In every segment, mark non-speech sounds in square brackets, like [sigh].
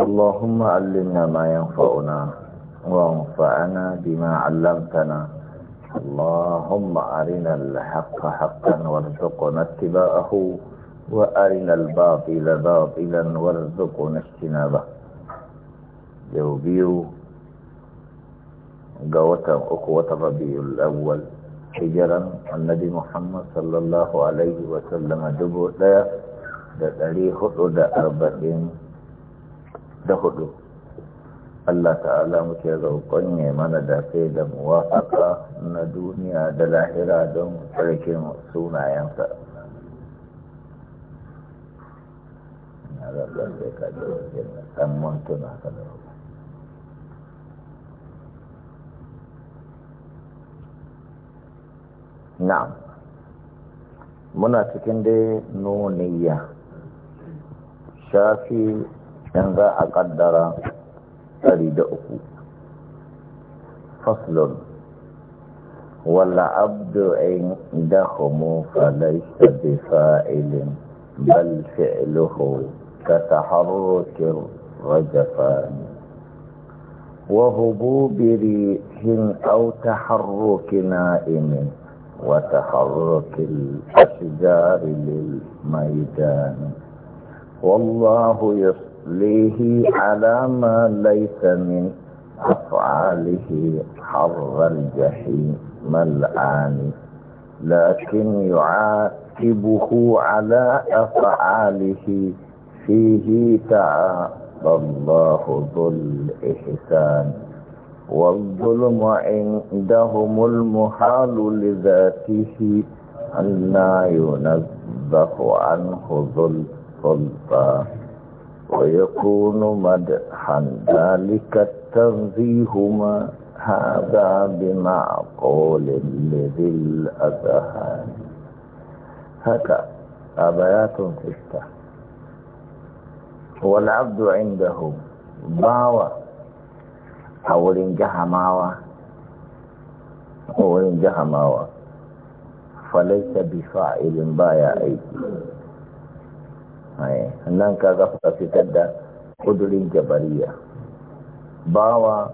اللهم علمنا ما ينفعنا وانفعنا بما علمتنا اللهم أرنا الحق حقا وارزقنا اتباعه وأرنا الباطل باطلا وارزقنا اجتنابه يوبيو قوتا أخوة الربيع الأول حجرا annabi محمد صلى الله عليه وسلم ɗaya da ɗari hudu da da hudu Allah ta'ala muke roƙon ya mana da sai da muwafaka na duniya da lahira don tsarkin sunayensa na zaɓar da ka da wajen ɗan mantuna ka da na'am muna cikin dai noniya shafi in za a kaddara uku. faslun wala abdu in dakhumu falaysa bi fa'ilin bal fi'luhu ka taharruki rajfan wa hubub rihin aw taharruk na'imin wa taharruk al-ashjar lil maydan والله يصدر تتليه على ما ليس من أفعاله حظ الجحيم ملعان لكن يعاتبه على أفعاله فيه تعالى الله ذو الإحسان والظلم عندهم المحال لذاته أن ينزه عنه ذو السلطان ويكون مدحا ذلك التنزيهما هذا بمعقول لذي الأذهان هكا أبيات ستة والعبد عندهم باوة أو رنجها ماوة أو جه ماوة فليس بفاعل بايا أيدي nan ka za ka fitar da kudurin jabariya bawa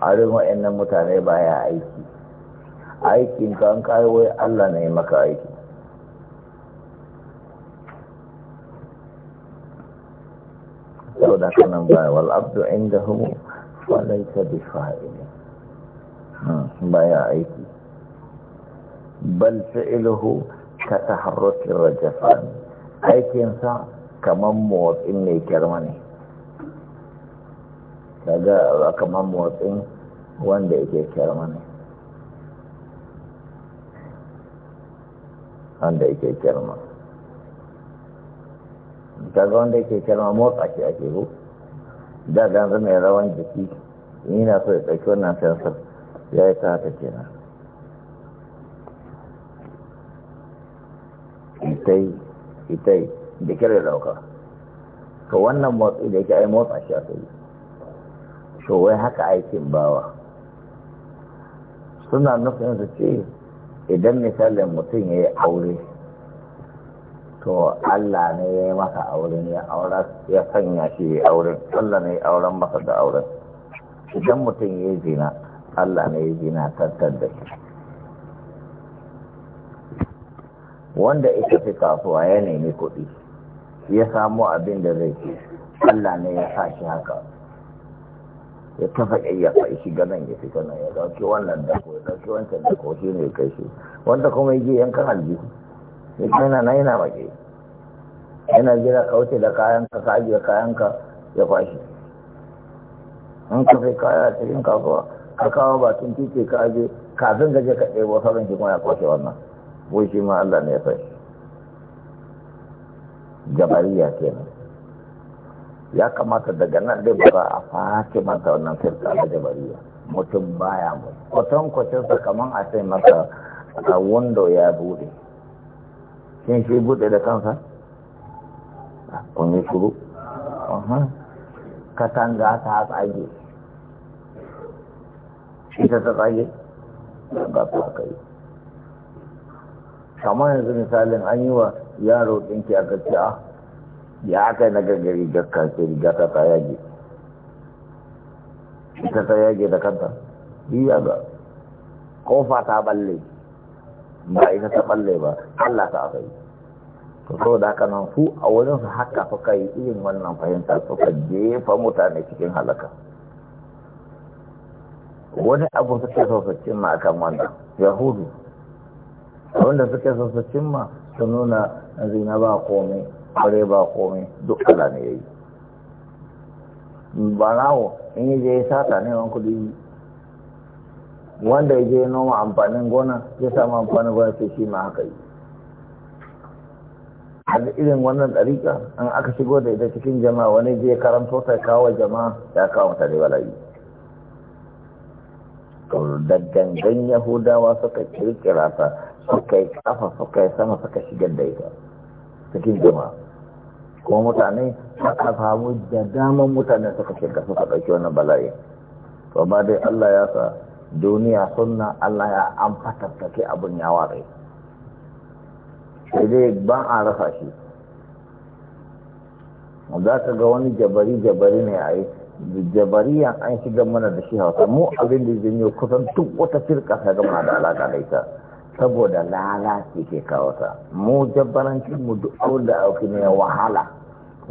a rin nan mutane baya aiki aikin ka kayi wai Allah ne maka aiki yau da kanan baya wal abdu inda hu falaita bi fa'ili hmm, baya aiki bal fi'iluhu ka taharrukin rajafan aikinsa kamar motsin mai kyarma ne kaga kamar motsin wanda yake kyarma ne wanda yake kyarma daga wanda yake kyarma motsa ke ake ru daga ganzu mai rawan jiki yana so ya tsaki wannan sensor ya yi ta haka ke nan ita yi da kira dauka to wannan motsi da yake ai motsa shi aka yi to wai haka aikin bawa suna nufin su ce idan misalin mutum ya yi aure to Allah ne ya yi masa auren ya aura ya sanya shi ya auren Allah ne ya auren masa da auren idan mutum ya yi zina Allah ne ya zina tattar da shi wanda ita fi kasuwa ya nemi kuɗi ya samu abin da zai ce Allah ne ya sa shi haka ya tafa ƙayyafa ya shiga nan ya fi nan ya dauki wannan dako ya dauki wancan dako shi ne kai shi wanda kuma ya yan yankan aljihu ya ce yana nan yana maƙe yana jira ka wuce da kayanka ka ajiye kayanka ya kwashe an ka kaya a cikin kasuwa ka kawo batun titi ka aje kafin gaje ka ɗebo sauran shi kuma ya kwashe wannan wai shi ma Allah ne ya sai jabariya kenan ya kamata daga nan dai ba a fake mata wannan firka da jabariya mutum baya mu kwatan kwatan sa kaman a sai masa a wando ya bude shin shi bude da kansa ah, kun yi shuru katanga ta tsage shi ta tsage ba ta kai kamar yanzu misalin an yi wa yaro ɗinki a gaskiya ah, ya kai na gangari ga kake riga ta ta yage ita ta yage da kanta iya ga kofa ta balle ba ina ta balle ba Allah ta akai to da haka nan fu a wurin su haka suka yi irin wannan fahimta suka jefa mutane cikin halaka wani abu suke so su cimma akan wannan yahudu wanda suke so su cimma su nuna zina ba komai aure ba komai duk ala ne yayi ba nawo in je ya sata ne wani kudi wanda ya je noma amfanin gona ya samu amfanin gona sai shi ma haka yi a irin wannan ɗarika an aka shigo da ita cikin jama'a wani je karanto ta kawo jama'a ya kawo ta ne bala'i da gangan yahudawa suka kirkira ta suka yi kafa suka yi sama suka shigar da ita cikin jama'a kuma mutane aka samu da daman mutane suka shiga suka ɗauki wannan bala'i to ba dai Allah ya sa duniya sunna Allah ya an fatattake abin ya ware sai dai ban a rasa shi za ka ga wani jabari jabari ne a yi ya an shiga mana da shi hausa mu abin da zai yi kusan duk wata firka sai gama da alaƙa da ita saboda lalaci ke kawo ta mu jabbarancin mu duk abin da auki ne wahala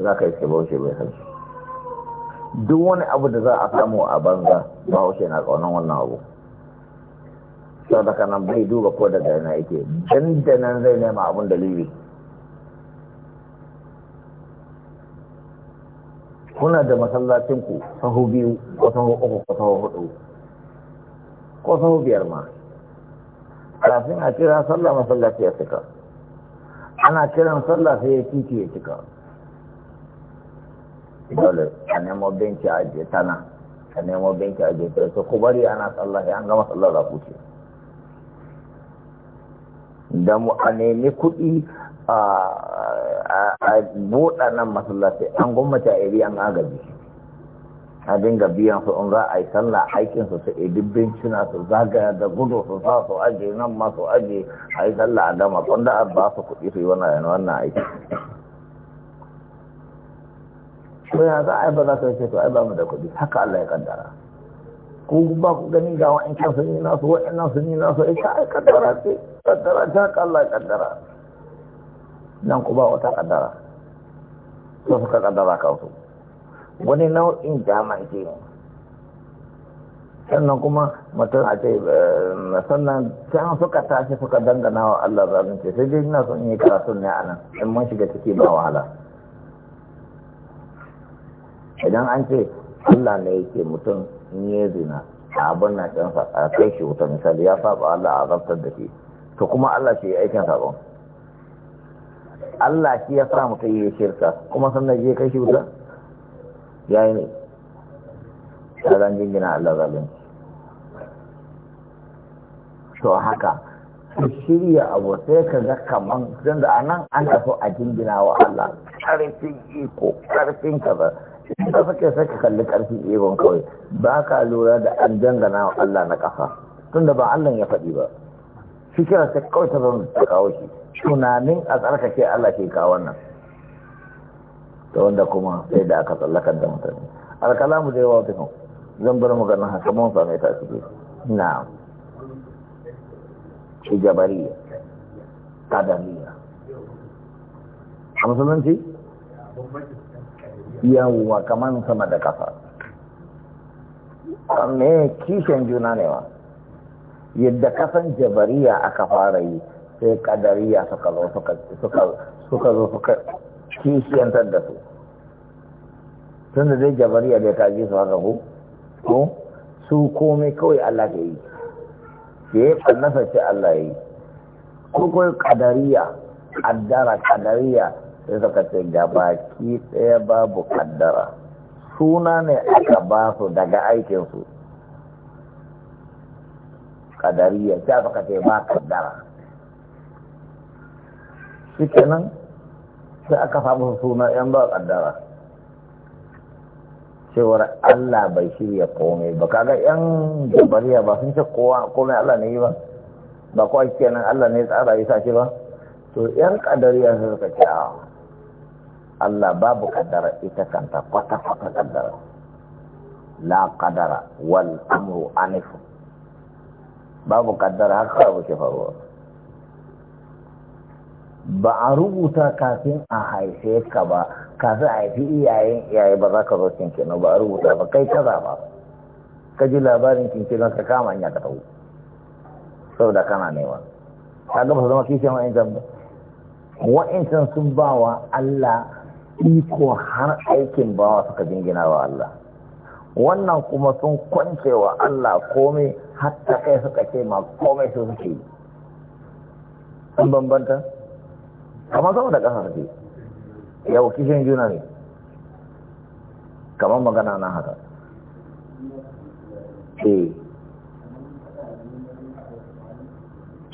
za ka yi ce bahaushe bai san duk wani abu da za a samu a banza bahaushe na kaunan wannan abu sau da kanan bai duba ko daga yana yake dandanan zai nema abin dalili kuna da masallacinku sahu biyu ko sahu uku ko sahu hudu biyar ma kafin a kira sallah masallaci ya cika ana kiran sallah sai ya titi ya cika dole a nemo binci a je tana a nemo binci a je tana ku bari ana sallah ya an gama sallah za ku ce da mu a nemi kuɗi a buɗa nan masallaci an gwamnati a iri an agaji ta dinga biyan su in za a yi sallah aikin su su ibibbin cina su zagaya da gudu su sa su aje nan ma su aje a yi sallah a gama kwanda a ba su kuɗi su yi wannan wannan aiki ko ya za a yi ba za su ce to ai ba mu da kuɗi haka Allah ya kaddara ko ba ku gani ga su, wa in nasu wa'annan sun yi nasu ita ai kaddara ce kaddara ta haka Allah ya kaddara nan ku ba wata kaddara su suka kaddara kansu wani nau'in jamanci ne sannan kuma mutum a ce eh, sannan can suka tashi suka dangana wa Allah zalunci sai dai ina son yi karatun ne a nan in mun shiga ciki ba wahala idan an ce Allah ne yake mutum in yi zina a abin na can a kai shi wuta misali ya saba Allah a zartar da shi to kuma Allah shi ya aikin sabon Allah shi ya sa mutum yi shirka kuma sannan je kai shi wuta ya yi ne tsaron jingina Allah to haka su shirya abu sai ka ga kaman zan da anan an tafi a jingina wa Allah karfin iko karfin ka ba shi suke saka kalli karfin ikon kawai ba ka lura da an dangana wa Allah na kafa tunda ba Allah ya faɗi ba kira sai kawai ta zama ta kawo shi tunanin a tsarkake Allah ke kawo wannan da wanda kuma sai da aka tsallakar da mutane alkalamu zai yawa tukun zan bar maganin haka mun same ta ciki na shigabariya kadariya a musulunci yawwa kamar sama da kasa amma kishin juna ne wa yadda kasan jabariya aka fara yi sai kadariya zo suka zo suka kishiyantar da su tun da zai jabari da ta ji su haka ko ko su komai kawai Allah ke yi ke yi fannasa ce Allah ya yi kukwai kadariya kaddara kadariya sai suka ce gabaki ɗaya babu kaddara suna ne aka ba su daga aikinsu kadariya ta suka ce ba kaddara shi kenan sai aka samu suna yan ba kaddara cewar Allah bai shirya komai ba kaga yan jabariya ba sun ce kowa komai Allah ne yi ba ba kowa kenan Allah ne tsara yi sace ba to yan kadariya sun suka ce a ah, Allah babu kaddara ita kanta kwata kwata kaddara la kaddara wal amru anifu babu kaddara haka ba ke faruwa ba a rubuta kafin a haife ka ba kafin a haifi iyayen iyaye ba za ka zo kinkino ba a rubuta ba kai kaza ba ka ji labarin kinkino ka kama hanya ka tau da kana nema ka gaba zama kishin wa'incan ba wa'incan sun ba wa Allah iko har aikin ba wa suka jingina wa Allah wannan kuma sun kwance wa Allah komai hatta kai suka ce ma komai su suke yi sun bambanta kamar sama da ƙasa suke yau kishin juna ne kamar magana na haka ce eh.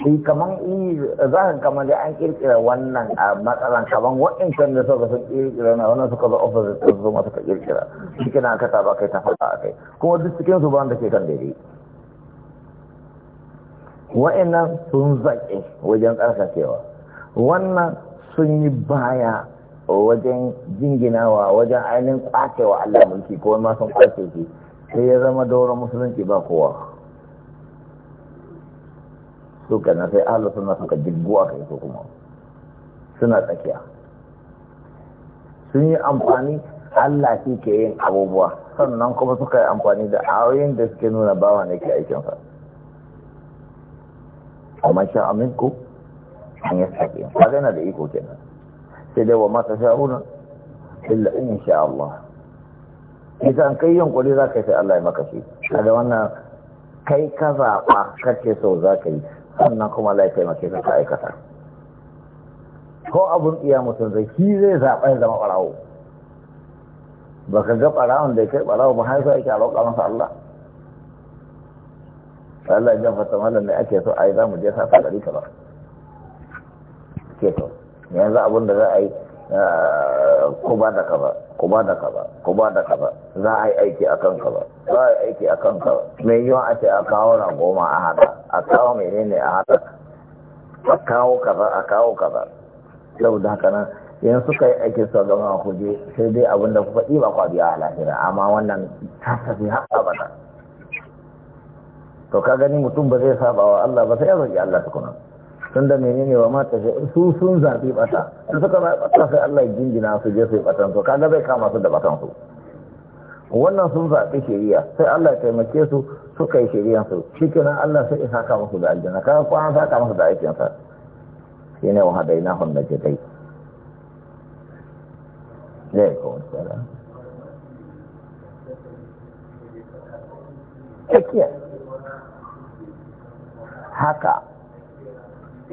shi kamar yi ka kamar da an kirkira wannan a matsalan kaman waɗancan da suka sun kirkira na wannan suka zo ofis da su zama suka kirkira shi kina ka taba kai ta faɗa a kai kuma duk cikin su ban da ke kan daidai nan sun zaƙe wajen cewa. wannan sun yi baya wajen jinginawa wajen ainihin kwacewa Allah mulki ko ma sun kwace shi sai ya zama dauran musulunci ba kowa su kana sai Allah suna suka digguwa kai su kuma suna tsakiya sun yi amfani Allah shi ke yin abubuwa sannan kuma suka yi amfani da ayoyin da suke nuna bawa ne ke aikinsa. Amma sha aminku, an yi sabi kaga da iko kenan sai dai wa mata sha'una illa in sha Allah idan kai yunkuri za ka yi sai Allah ya maka shi da wannan kai ka zaɓa kake so za ka yi sannan kuma Allah ya taimake ka ka aikata ko abun iya mutum zai shi zai zaɓa ya zama ɓarawo ba ka ga ɓarawon da ya kai ɓarawo ba har sai ake roƙa masa Allah Allah ya gafarta mallan da ake so a yi za mu je sa ta gari ka ba keto yanzu abin da za a yi ah, ba da kaba ba da kaba ba da kaba za a yi aiki a kaba za a yi aiki a kaba mai yiwa a ce a kawo na goma a haka a kawo ne a haka a kawo kaza a kawo kaza da haka nan yan suka yi aikin sau gama a kuje sai dai abin da kuka ɗiba kwa biya a lahira amma wannan ta tafi ba ta to ka gani mutum ba zai saba wa Allah ba sai ya roƙi Allah tukuna da menene wa mata su sun zaɓi bata su suka zaɓi bata sai Allah ya jingina su je su yi batan su kaga zai kama su da batan su wannan sun zaɓi shari'a sai Allah ya taimake su suka yi shari'an shi shikenan Allah sai ya saka musu da aljanna kaga kwanan an saka musu da aikinsa shi ne wa hadaina hum najidai alaikum assalam haka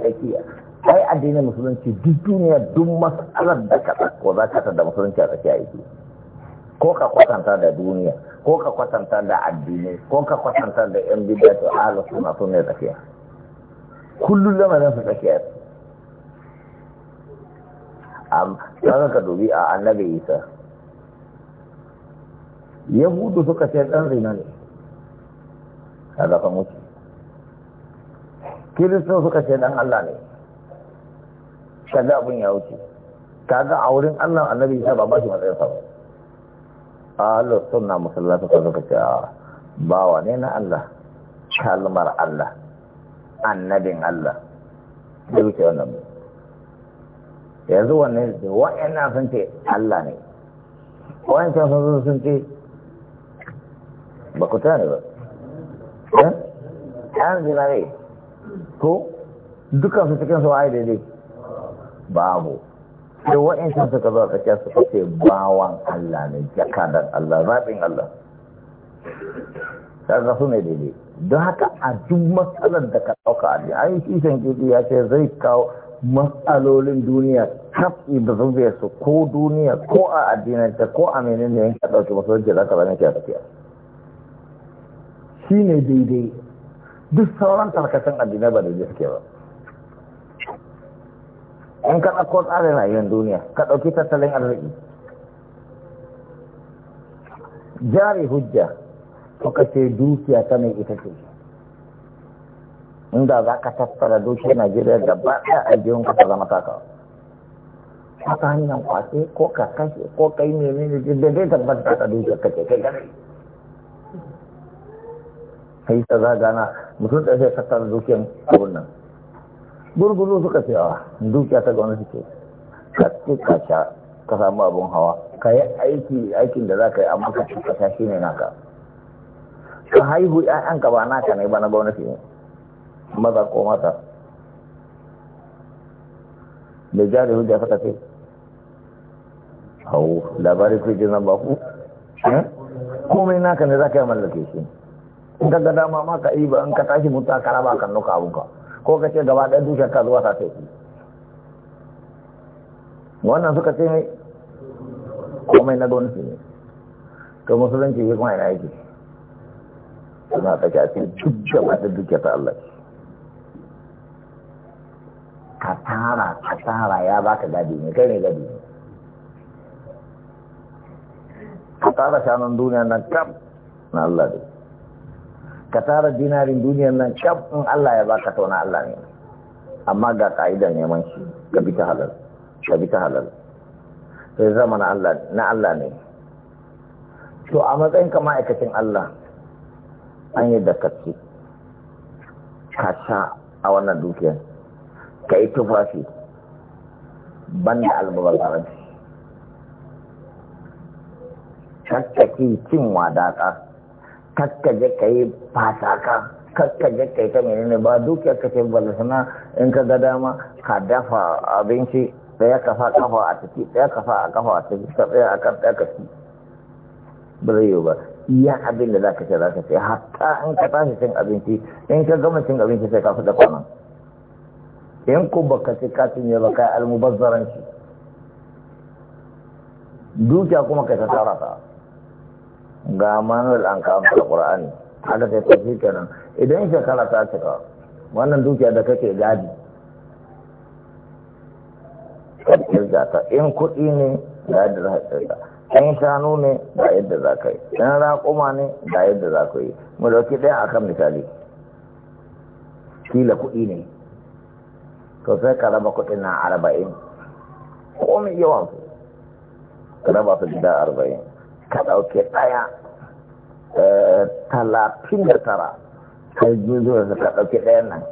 tsakiya ai addinin musulunci duk duniya duk matsalar da ka ko za ka da musulunci a tsakiya yake ko ka kwatanta da duniya ko ka kwatanta da addinai ko ka kwatanta da yan bidiyar to ala sunna sun ne tsakiya kullum lamarin su tsakiya am sai ka dubi a annabi Isa yahudu suka ce dan rina ne A fa mutu kiristan suka ce dan Allah ne kaga abin ya wuce kaga a wurin Allah annabi isa ba ba shi matsayin sa Allah sunna musallata ka suka ce ah, bawa ne na Allah kalmar Allah annabin Allah da wuce wannan yanzu wannan da wa'annan sun ce Allah ne wa'ancan sun zo sun ce ba ku tare ba ɗan eh? zinare ko dukkan su cikin su waye daidai babu sai wa'ansu suka zo a tsakiya su ce bawan Allah ne da Allah zaɓin Allah ta su ne daidai don haka a duk matsalar da ka ɗauka a ai shi san ya ce zai kawo matsalolin duniya kafi da zubiyar su ko duniya ko a addinanta ko a menene yanka ɗauki masu wajen za ka zama ke a tafiya shi ne daidai duk sauran tarkacin addinai ba da suke ba in ka ɗauko tsarin rayuwar duniya ka ɗauki tattalin arziki jari hujja suka ce dukiya ta mai ita ce inda za ka tattara dukiyar najeriya gaba ɗaya a jihun ka ta zama taka ta hanyar kwace ko ka kashe ko kai ne ne da dai tabbata ta dukiyar ka kai gane kai ta zagana mutum da zai kasar dukiyan abun nan gurguru suka ce a ah, dukiya ta gwamnati ce ka ce ka ka samu abun hawa ka yi aiki aikin da za ka yi amma ka ci kasha shi ne naka ka haihu ƴaƴanka ba naka ne ba na gwamnati ne maza ko mata da jari hujja suka ce hau labari kujin nan ba ku eh? komai naka ne za ka yi mallake shi in ka ga dama ma ka ba in ka tashi mutu ka raba kan nuka ka ko ka ce gaba ɗaya dushe ka zuwa sata ki wannan suka ce mai komai na su ne to musulunci ya kuma yana yake suna ta a cikin duk gaba da duke ta Allah ka tara ka tara ya baka gadi ne kai ne gadi ne ka tara shanun duniya nan kam na Allah dai ka tara dinarin duniyar nan cap in Allah ya baka tauna Allah ne amma ga ka'idar neman shi ka bi ta halal ka bi ta halal ya zama na Allah na Allah ne to a matsayin ka ma'aikacin Allah an yi da kace ka sha a wannan dukiyar ka yi tufafi banda almubazzaranci shakkaki cin wadata. kakkaje ka yi fasaka kakkaje ka kai ta menene ba dukiya ka ce balasana in ka ga dama ka dafa abinci ɗaya kafa kafa a ciki ɗaya kafa a kafa a ciki ka tsaya a kan ɗaya ka ci ba zai yiwu ba iya abin da za ka ce za ka ce hatta in ka tashi cin abinci in ka gama cin abinci sai ka fada kwana, kwanan in ku baka ci ka cinye ba kai almubazzaranci dukiya kuma kai ta tara ta ga manuel an kawo da ƙura'ani haka ta tafi kenan idan shekara ta cika wannan dukiya da kake gadi karkir da ta in kuɗi ne ga yadda za ka ta in shanu ne ga yadda za ka yi in raƙuma ne ga yadda za ka yi mu dauki ɗaya akan misali kila kuɗi ne to sai ka raba kuɗin na arba'in mai yawan su ka raba su gida arba'in ka ɗauke ɗaya Eh, talatin da tara sai kai juzuwa ka ɗauki ɗayan nan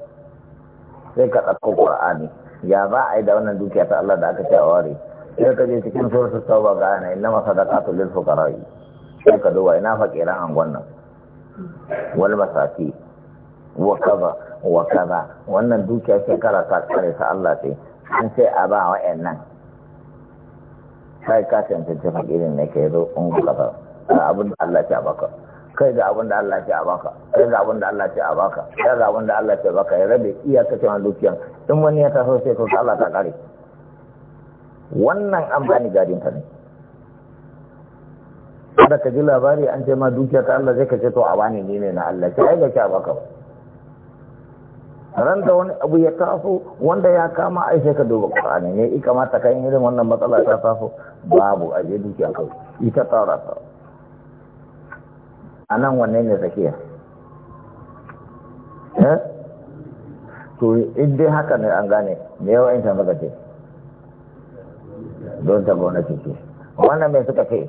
sai ka ɗauko ƙur'ani ya za a yi da wannan dukiya ta Allah da aka ce a ware sai ka je cikin suratul tauba ga ana masa da sadaqatu lil fukarai sai ka duba ina fakiran an nan wal masafi wa kaza wa kaza wannan dukiya shekara ta kare ta Allah ce an sai a ba wa nan sai ka tantance faƙirin ne ke zo ungu kaza abin da Allah ya baka kai ga abin da Allah ce a baka kai ga abin da Allah ce a baka kai ga abin da Allah ce baka ya rabe iyakacin wani dukiyan in wani ya taso sai ko Allah ta kare wannan an bani gadin ta ne kada ka ji labari an ce ma dukiya ta Allah zai ka ce to a bani ni ne na Allah ce ai ga ki a baka ran da wani abu ya taso wanda ya kama ai sai ka duba Qur'ani ne i kamata ka irin wannan matsala ta taso babu aje dukiya kawai ita tsara ta a nan wanne ne tsakiya eh? to in haka ne an gane me yawa in tambaka ce don ta gona ce wannan mai suka ce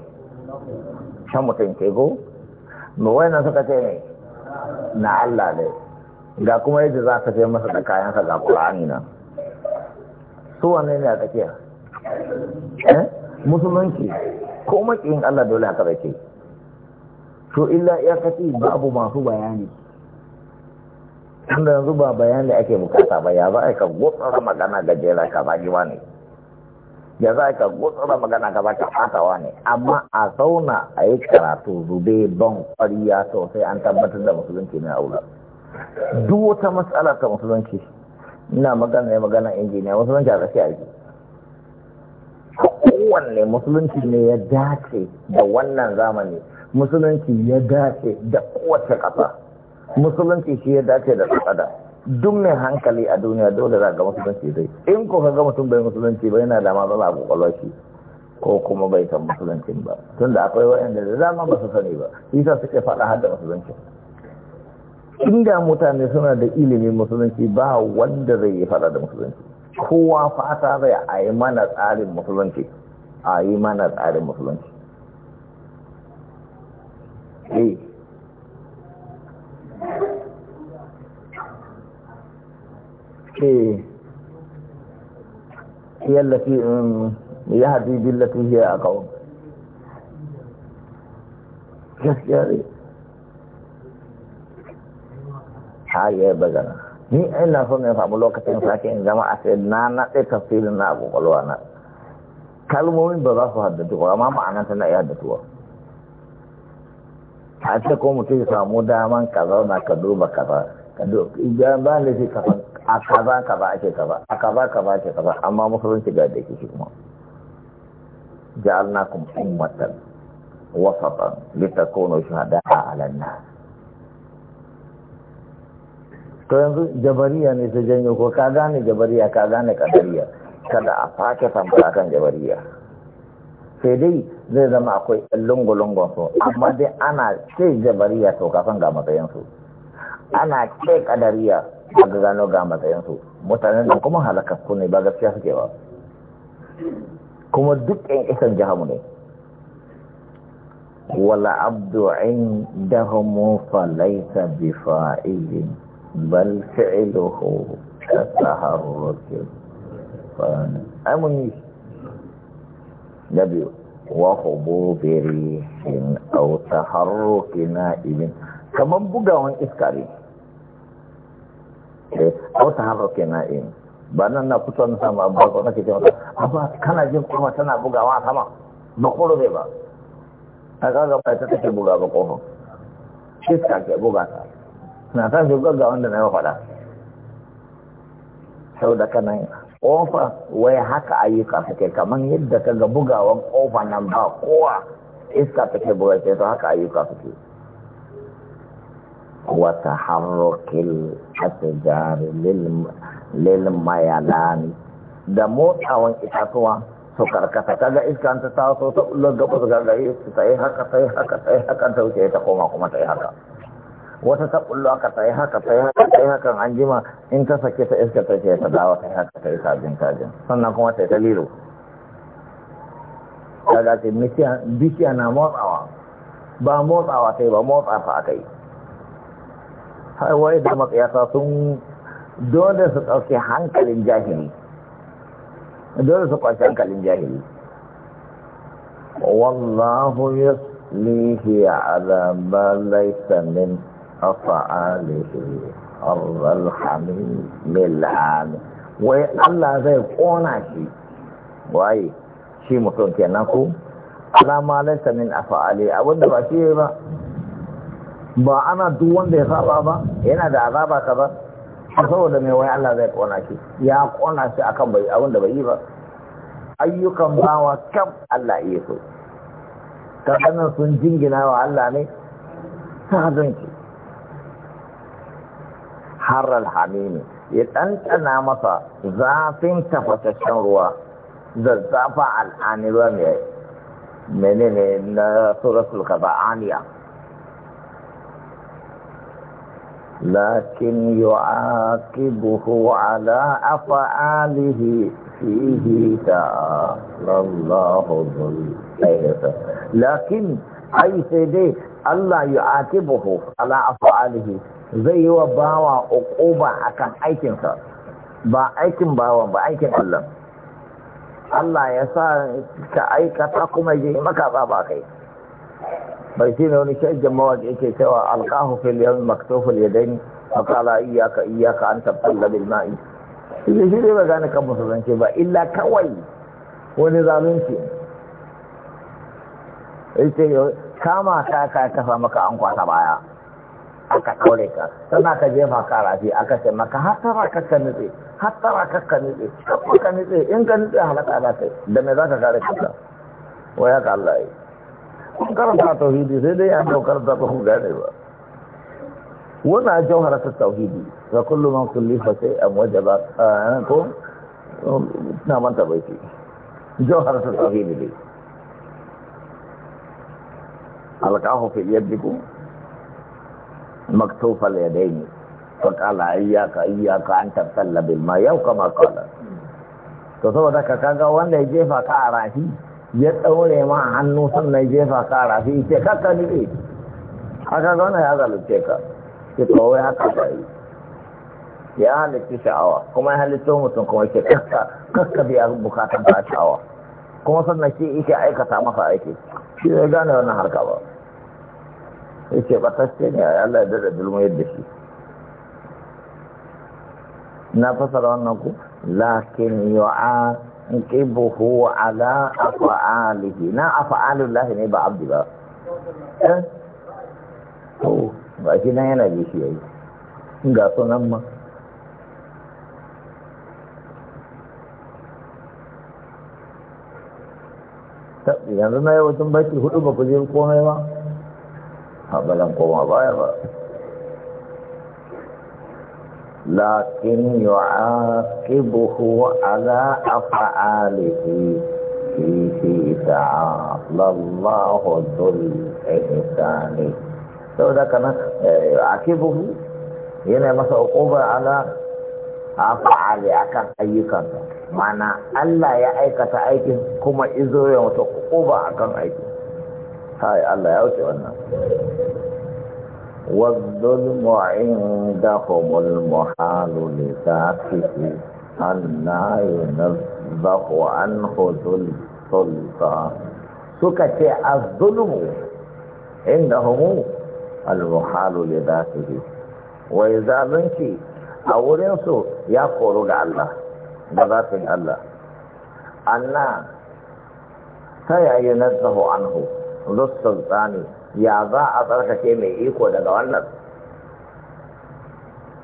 shan mutum ke go mu wayannan suka ce ne na Allah ne ga kuma yadda za ka ce masa da kayansa ga Qur'ani nan su wanne ne a tsakiya eh? musulunci ko makiyin Allah dole haka bai yi. to illa iyakaci babu masu bayani tunda yanzu ba bayani ake bukata ba ya za a ka gotsara magana ga jera ka zagi ne ya za a ka gotsara magana ga baka fatawa ne amma a zauna a yi karatu zube don kwariya sosai an tabbatar da musulunci ne a wula duk wata matsala ta musulunci ina magana ya magana injiniya musulunci a tsakiya ake kowanne musulunci ne ya dace da wannan zamani musulunci ya dace da kowace ƙasa musulunci shi ya dace da tsada duk mai hankali a duniya dole za ga musulunci zai in ko ka ga mutum bai musulunci ba yana da matsala a kwakwalwa shi ko kuma bai san musuluncin ba tunda akwai waɗanda da dama ba su sani ba isa suke faɗa har da musulunci inda mutane suna da ilimin musulunci ba wanda zai yi fada da musulunci kowa fata zai a yi mana tsarin musulunci a yi mana tsarin musulunci هي التي يهدي بالتي هي أقوم gaskiya ne bagana ni ina so ne samu lokacin sake in zama a sai na naɗe tafsirin na abu kwalwa na kalmomin ba za su haddatu ma amma ma'anar tana iya haddatuwa a ce ko mutum ya samu daman ka zauna ka duba kaza ka duba ba ne shi kaza a kaza kaza ake kaza a kaza kaza ake kaza amma musulunci ga da shi kuma ja'alnakum ummatan wasatan litakunu shuhada'a 'ala an-nas to yanzu jabariya ne su janyo ko ka gane jabariya ka gane kadariya kada a fake tambaya kan jabariya sai dai zai zama akwai lungu lungu su amma dai ana ce jabariya to kafin ga matsayinsu ana ce kadariya ga gano ga matsayinsu mutanen da kuma halakakku ne ba gaskiya suke ba kuma duk yan isan jihamu ne wala da homo falaita bi fa'ilin bal ta saharar ai mun yi na biyu wahuburi in auta haro ke na ilin kamar bugawan iskari eh auta haro ke na ilin ba nan na fito na sama ba ko na ke ce mata amma kana jin kuma tana bugawa sama ba kuro zai ba a ga ga ta take buga ba ko Iska shi ke buga ta na ta ga ga wanda na yi faɗa sau da kanan ƙofa wai haka ayyuka suke kamar yadda ka ga bugawan ƙofa nan ba kowa iska ke buga ce to haka ayyuka suke wata harrokin asijar lilmayalani da motsawan itatuwa su karkata ga iska ta taso ta ullar gaba su gagare su ta yi haka ta yi haka ta yi haka ta wuce ta koma kuma ta yi haka wata ta kullu aka tsaye haka tsaye haka tsaye haka an jima in ta sake ta iska ta ce ta dawo ta haka ta yi sabin tajin sannan kuma ta ta lilo ta dace bishiya na motsawa ba motsawa ta yi ba motsa ta aka yi har wai da makiyasa sun dole su ɗauke hankalin jahili dole su kwace hankalin jahili والله يصليه ala ba ليس min أفعاله أرض الحميم للعام wai Allah zai kona shi waye shi mutum kenan ko alama laysa min af'ali da ba shi ba ba ana duk wanda ya saba ba yana da azaba ka ba saboda me wai Allah zai kona shi ya kona shi akan bai abinda bai yi ba ayyukan bawa kam Allah iya so kaɗanan sun jingina wa Allah ne ta hazon ki حر الحميم يتان انا مسا زافين تفتشن روا زافا على انيرم من من سورة القضاء عانية لكن يعاقبه على أفعاله فيه تعالى الله ظلم لكن أي سيدي الله يعاقبه على أفعاله zai yi wa bawa uquba akan aikinsa ba aikin bawa ba aikin Allah Allah ya sa ka aikata kuma je maka ba ba kai bai shi ne wani shajjan mawaƙi yake cewa alƙahu fil yawmi maktuful yadaini fa qala iyyaka iyyaka an tabtalla bil ma'i shi shi ne ba gane kan musulunci ba illa kawai wani zalunci yace kama ka ka kafa maka an kwata baya aka ɗaure ka sana ka jefa ka rafi aka ce maka hattara ka ka nutse hattara ka ka nutse kafa ka nutse in ka nutse halaka za ka da me za ka kare kanka waya ka Allah yi kun karanta tauhidi sai dai an daukar da ba ku gane ba wannan jauhara ta tauhidi kullum kullu man kullifa sai an wajaba eh, ko na manta bai ce jauhara ta tauhidi dai alqahu fi yadikum maktufal yadaini فقال اياك اياك ان تبتل بالماء yau kama قال to saboda ka kaga wanda ya jefa ka a rafi ya daure ma hannu sannan ya jefa ka a rafi ce kakka nike haka ga wannan ya zalunce ka ce to wai haka da yi ya halitta sha'awa kuma ya halitta mutum kuma ke kakka kakka biya bukatan ka sha'awa kuma sannan shi ike aikata masa aiki shi ya gane wannan harka ba yake batacce ne a Allah ya da dulmu yadda shi na fasara wannan ku lakin yu'a inqibuhu ala af'alihi na af'alullahi ne ba abdi ba eh to ba shi nan yana ji shi yayi ga sunan ma yanzu na yi wajen baki hudu ba ku je komai ba haɓalan koma baya ba lakin yu'aqibuhu ala af'alihi fihi ta'alallahu dhul ihsani saboda kana eh, yu'aqibuhu yana masa uquba ala af'ali akan ayyukansa mana Allah ya aikata aikin kuma izo ya wata uquba akan aikin hai Allah ya wuce wannan wadul mu'inda humul muhalu li zaqi annaya nazahu an huzul sulta suka ce azzulmu inda humu al muhalu li zaqi wa izalunki a wurin su ya kori ga Allah ga zatin Allah Allah ta yayi nazahu anhu zussun tsani ya za a tsarkake mai iko daga wannan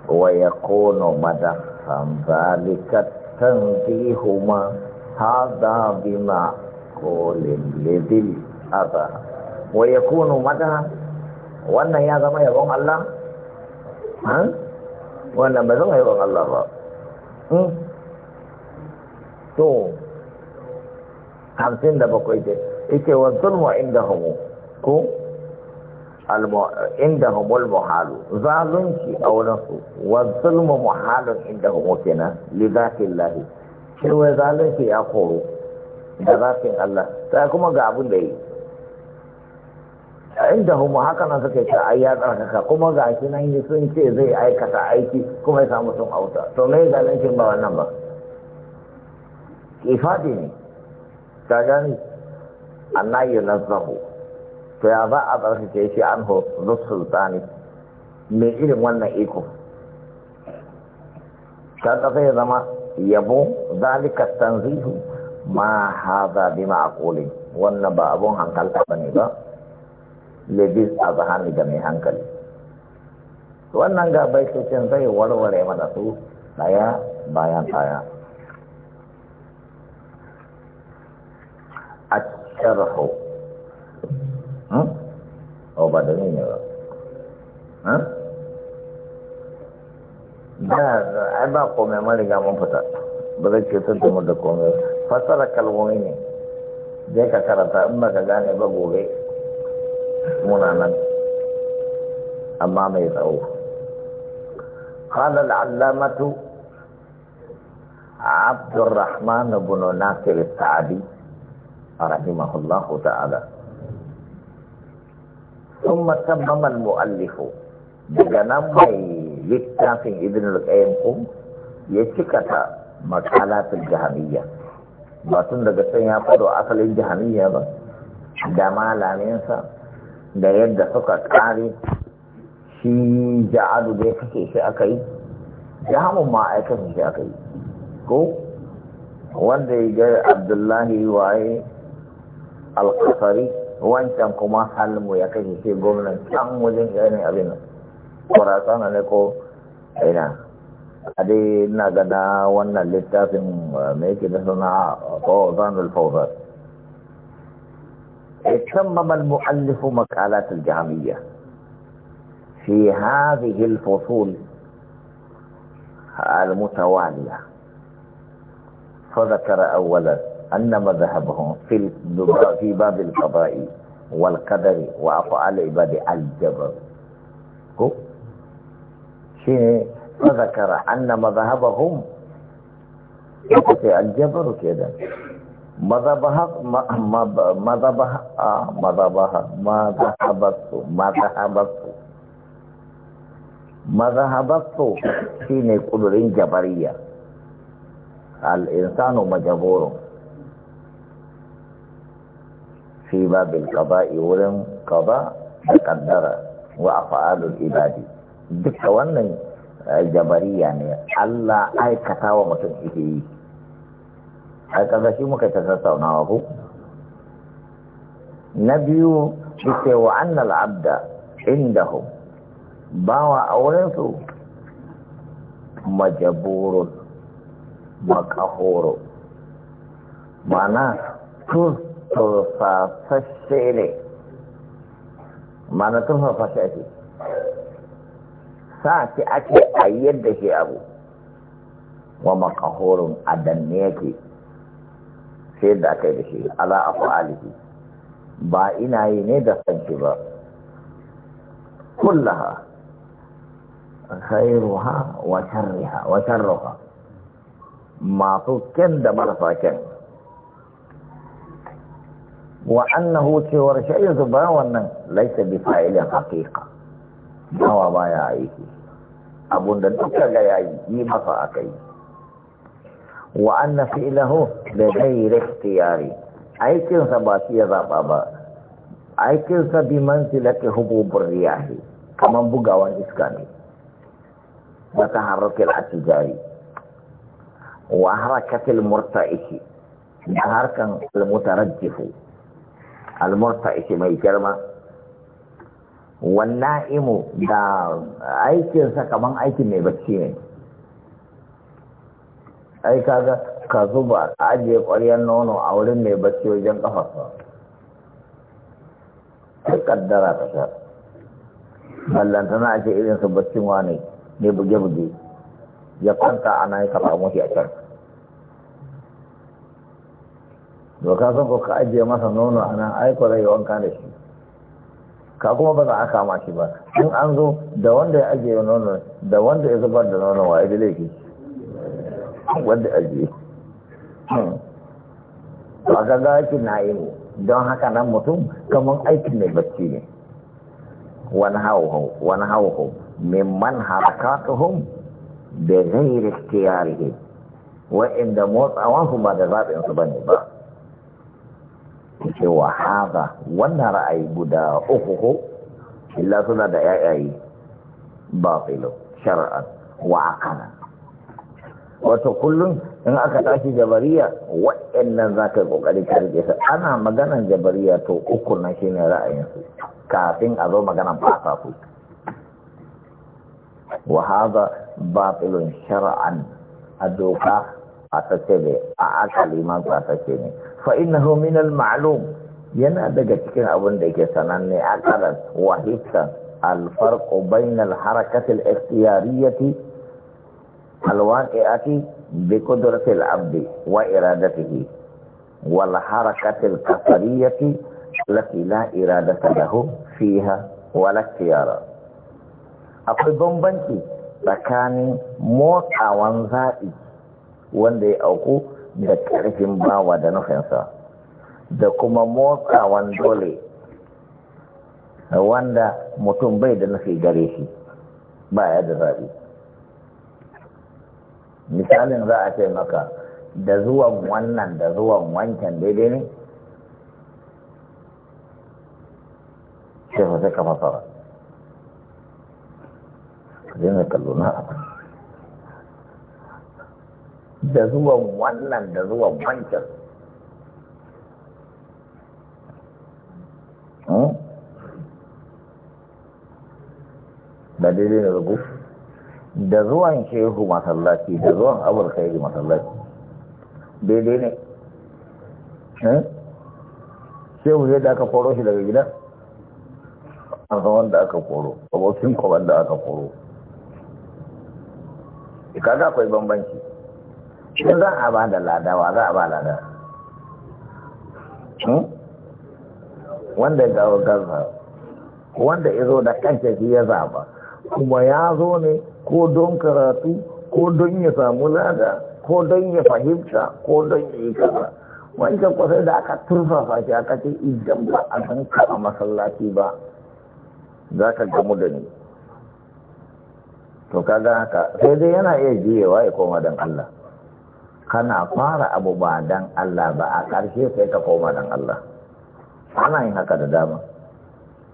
wa ya kono mada sambalikar tanzihuma haza ma kolin lidil aza wa kono mada wannan ya zama yabon Allah? wannan ba zama yabon Allah ba hmm? to hamsin da bakwai dai yake wa zulmu indahum ko indahum al-muhal zalunci a wurin su wa zulmu muhalun indahum kenan li zati Allah shi wai zalunci ya koro da zatin Allah ta kuma ga abun da yi inda homo haka nan suka ce ai ya tsarkaka kuma ga shi nan yi sun ce zai aikata aiki kuma ya samu sun auta to me ga ba wannan ba ifadi ne ta gani Allah na nazzahu to ya za a tsarkake shi an hosu sultani mai irin wannan iko shanta sai zama yabo zalika tanzihu ma haza bi ma'qulin wannan ba abun hankalta ne ba lebis a zahani da mai hankali wannan ga baitocin zai warware mana su daya bayan daya sharhu hmm? oh ba da ne ba komai mariga mun fita ba zai ce tun mu da komai fasara kalmomi ne je ka karanta ba gane ba gobe muna amma mai tsawo قال allamatu عبد الرحمن بن ناصر السعدي rahimahullahu ta'ala Umma tabbaman mu'allifu daga nan mai littafin ibn al-qayyim ya cika ta makalatul Ba batun daga can ya fado asalin jahamiyya ba da malamensa da yadda suka kare shi ja'adu da ya kace shi aka yi jahamun ma aikatan shi aka yi ko wanda ya ga abdullahi waye alkasari wancan kuma halmu ya kashe ce gwamnan can wajen yanin abin nan kurasana ne ko aina a dai na gana wannan littafin mai yake da suna fawzan alfawzan اتمم المؤلف مقالات الجهمية في هذه الفصول المتوالية فذكر أولا أن مذهبهم في في باب القضاء والقدر وأفعال عباد الجبر شيء فذكر أن مذهبهم الجبر كذا مذهبها مذهبها آه، مذهبها مذهبته مذهبته مذهبته شيء قدرين جبرية الإنسان مجبور fi babin qaba'i wurin kaba da qaddara wa af'alul ibadi duka wannan jabariya ne Allah aikata wa mutum yake yi a kaga muka ta tattaunawa na biyu yake wa annal abda indahum bawa a wurinsu majaburun makahoro mana tur to fasashe ne mana tun fasashe ake sa ce ake a yadda shi abu wa makahorin adanne yake sai da aka yi da shi ala a fa'alihi ba ina yi ne da sanki ba kullaha khairuha wa sharriha wa sharruha masu ken da marasa ken. wa annahu cewar shi zuba wannan laisa bi fa'ilin haqiqa Nawa baya aiki abunda duka ga yayi yi masa akai wa anna fi'lahu bi ghairi ikhtiyari aikin sa ba shi ya zaba ba aikin sa bi manzilati hububur riyahi kaman bugawan iska ne wa taharrukil atijari wa harakatil murta'iki da harkan al-mutarajjifu almurta ishe mai girma wannan imu da aikinsa kaman aikin mai bacci ne ai kaga ka zuba a ajiye kwaryar nono a wurin mai bacci wajen ƙafarsa ta ƙaddara ta sha ballantana ake irinsa baccin wane ne buge-buge ya kwanta ana yi kafa mushi a can doka ka ko ka ajiye masa nono a nan aiko rai zai wanka da shi ka kuma ba za a kama shi ba in an zo da wanda ya ajiye nono da wanda ya zubar da nono wa da laifi wanda ya ajiye hmm. to aka ga aikin na yi don haka nan mutum kamar aikin mai bacci ne wani hauhau wani haraka mimman hun da ghairi ikhtiyarihim wa'inda motsawansu ba da zaɓinsu ba ne ba ce wa haza wannan ra'ayi guda uku ko illa suna da yayaye ba filo shar'an wa akana wato kullum in aka tashi jabariya waɗannan za ka yi ƙoƙari ka rike su ana maganan jabariya to uku na shi ne ra'ayinsu kafin a zo maganan fasa su wa haza batilun shar'an a doka fatacce ne a akali ma fatacce ne fa innahu min al yana daga cikin abun da yake sananne a karan wa hissan al farqu bain al harakat al ikhtiyariyyati al waqi'ati bi qudrati al abdi wa iradatihi wal harakat al qasariyyati allati la iradata lahu fiha wala ikhtiyara akwai bambanci tsakanin motsawan zaɓi wanda ya auku da ƙarfin bawa da nufinsa da kuma motsawan dole wanda mutum bai da nufi gare shi ba ya da zaɓi misalin za a ce maka da zuwan wannan da zuwan wancan daidai ne sai fasa kafa fara zai na kallo na da zuwan wannan da zuwan wancan da hmm? daidai da rubu da zuwan shehu masallaci da zuwan abul khairi masallaci daidai ne hmm? shehu yadda da aka koro shi daga gida a zaman da aka koro abokin kwaban da aka koro kaga akwai bambanci in za a ba da ladawa za a ba lada hmm? wanda ga gaza wanda ya zo da kanta shi ya zaba kuma ya zo ne ko don karatu ko don ya samu lada ko don ya fahimta ko don ya yi kaza wancan kwasai da aka turfafa shi aka ce idan ba a san ka masallaci ba za ka gamu da ni to kaga haka sai dai yana iya jiyewa ya koma don Allah kana fara abu ba dan Allah ba a ƙarshe sai ka koma dan Allah ana yin haka da dama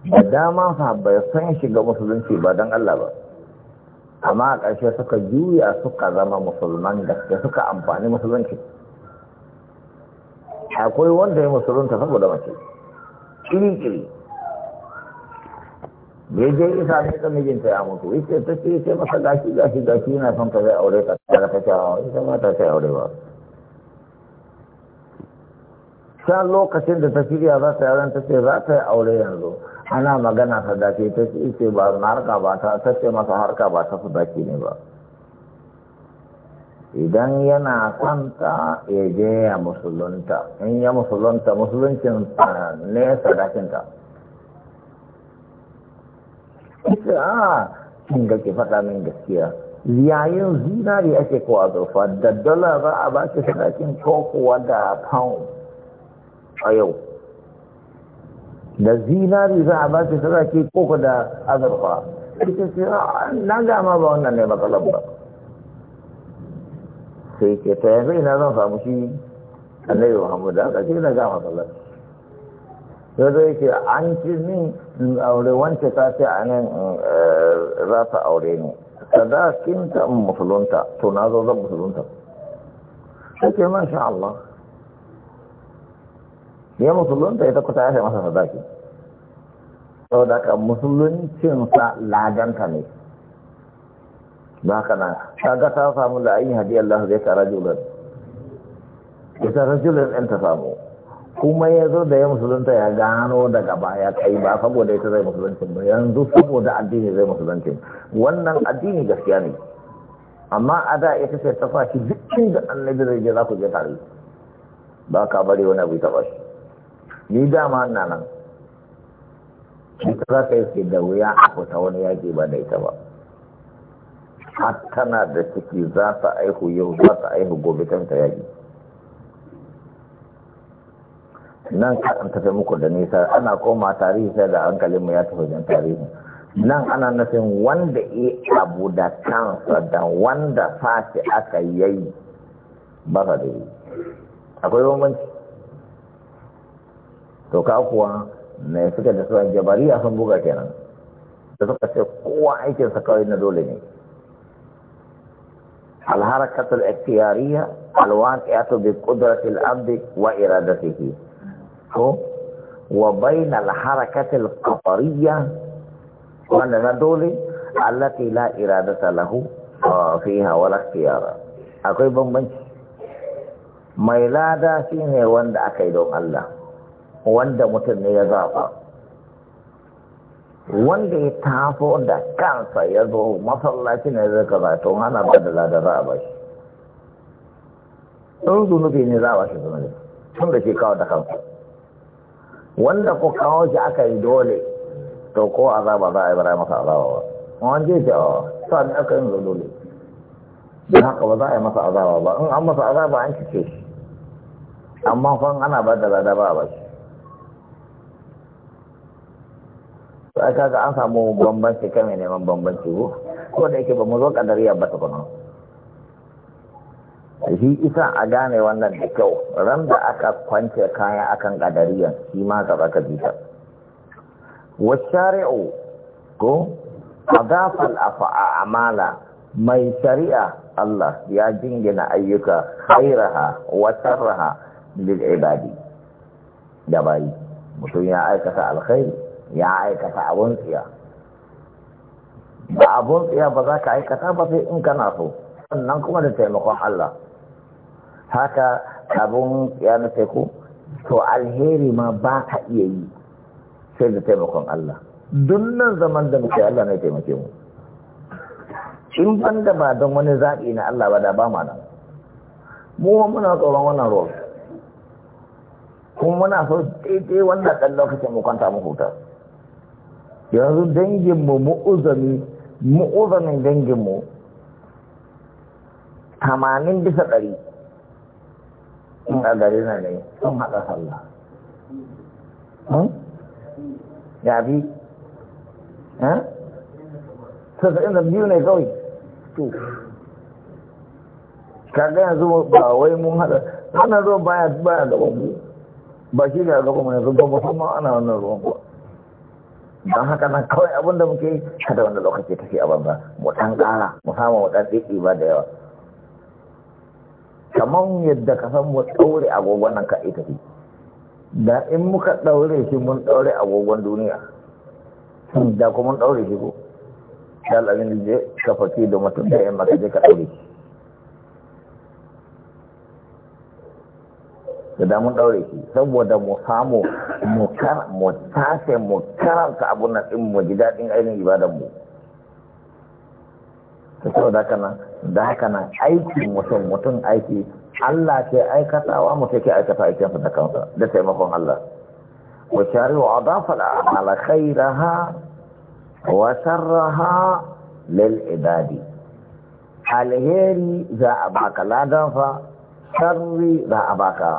da dama fa bai san shiga musulunci ba dan Allah ba amma a karshe suka juya suka zama musulman gaske suka amfani musulunci akwai wanda ya musulunta saboda mace kiri-kiri ya je isa ne ta mijinta ya mutu ita ta ce ce masa gashi gashi gashi yana son ka zai aure ka tsara ta ce a ita ma ta ce aure ba ta lokacin da ta shirya za ta yaran ta ce za ta yi aure yanzu ana magana sadaki ta ce ce ba na harka ba ta ta ce masa harka ba ta sadaki ne ba idan yana kwanta ya je ya musulunta in ya musulunta musuluncin ne sadakinta kuka kin ga ki faɗa min gaskiya yayin zinari ake kowa zurfa da dala za a ba ki sadakin ko da pound a yau da zinari za a ba ki sadaki ko da azurfa ita ce ma ba wannan ne matsalar ba sai ke ta yanzu ina zan samu shi annabi muhammadu aka ce na gama ya yake an ci min aure wance ta ce a nan eh, za ta aure ne sadakinta musulunta to na zo zan musulunta sai ke sha Allah ya musulunta ita kuta ya masa sadaki sau da ka musuluncinsa ladanta ne ba ka nan ta samu la'ayi ayi hadiyar Allah zai ka rajulan ita rajulan ɗin ta samu kuma ya zo da ya musulunta ya gano daga baya kai ba saboda ita zai musuluncin ba yanzu saboda addini zai musuluncin wannan addini gaskiya ne amma a da ita ce ta fashi duk inda annabi zai je za ku je tare ba ka bari wani abu ta fashi ni dama na nan ita za ka yi da wuya a kusa wani yaƙi ba da ita ba har tana da ciki za ta aihu yau za ta aihu gobe ta yaƙi nan an tafi muku da nisa ana koma tarihi sai da mu ya tafi jan tarihi nan ana nufin wanda ya abu da kansa da wanda fashi aka yayi ba sa da yi akwai bambanci to ka kuwa mai suka da suwa jabari a sun buga kenan da suka ce kowa aikinsa kawai na dole ne الحركة bi qudratil abdi wa iradatihi ko wa bainal al qatariyya wanda na dole allati la iradata lahu ah, fiha wala ikhtiyara akwai bambanci mai lada shine wanda aka yi don Allah wanda mutum ne ya zaba wanda ya taso da kansa ya zo masallaci ne zai kaza to ana ba da lada za a ba shi don zunubi ne za a ba shi zunubi tun da shi kawo da kansa wanda ku kawo shi aka yi dole to ko azaba za a yi bara masa azaba ba wani je ce a ne aka yin zo dole don haka ba za a yi masa azaba ba in an masa azaba an cike shi amma kwan ana ba da lada ba ba shi sai kaga an samu bambanci kame neman bambanci ko ko da yake ba mu zo kadariya ba ta kuma shi isa a gane wannan da kyau ran da aka kwance kayan akan kadariyan shi ma gaba ka jita wasari'u ko adafal a amala mai shari'a Allah ya jingina ayyuka khairaha wa sarraha lil ibadi da bayi mutum ya aikata alkhairi ya aikata abun tsiya ba abun tsiya ba za ka aikata ba sai in kana so sannan kuma da taimakon Allah haka abun ya nufai ku to alheri ma ba ka iya yi sai da taimakon Allah nan zaman da muke Allah na taimake mu in ban da ba don wani zaɓi na Allah ba da ba ma nan mu muna tsoron wannan ruwan kuma muna so daidai wannan ɗan lokacin mu kwanta mu huta yanzu danginmu mu'uzami dangin danginmu tamanin bisa ɗari in a ah. gari na ne sun haɗa sallah ya bi sassa'in da biyu ne kawai to kaga yanzu ba wai mun haɗa ana zo baya baya gaban mu ba shi ne a mu yanzu ba musamman ana wannan ruwan kuwa don haka nan kawai abinda muke kada wanda lokaci tafi a banza mu ɗan ƙara mu samu mu ɗan ɗiɗi ba da yawa kamar yadda ka san mu ɗaure agogon nan ka ita fi da in muka ɗaure shi mun ɗaure agogon duniya da kuma mun ɗaure shi ko da lalin je ka fake da mutum da yamma ka je ka ɗaure shi da mun ɗaure shi saboda mu samu mu tashe mu karanta abun nan ɗin mu ji daɗin ainihin ibadan mu ta saboda da haka nan aikin mutum mutum aiki Allah ke aikatawa mutum ke aikata aikinsa da kansa da taimakon Allah wa shari'u adafa al'amala khairaha wa sharraha lil ibadi alheri za a baka fa? sharri za a baka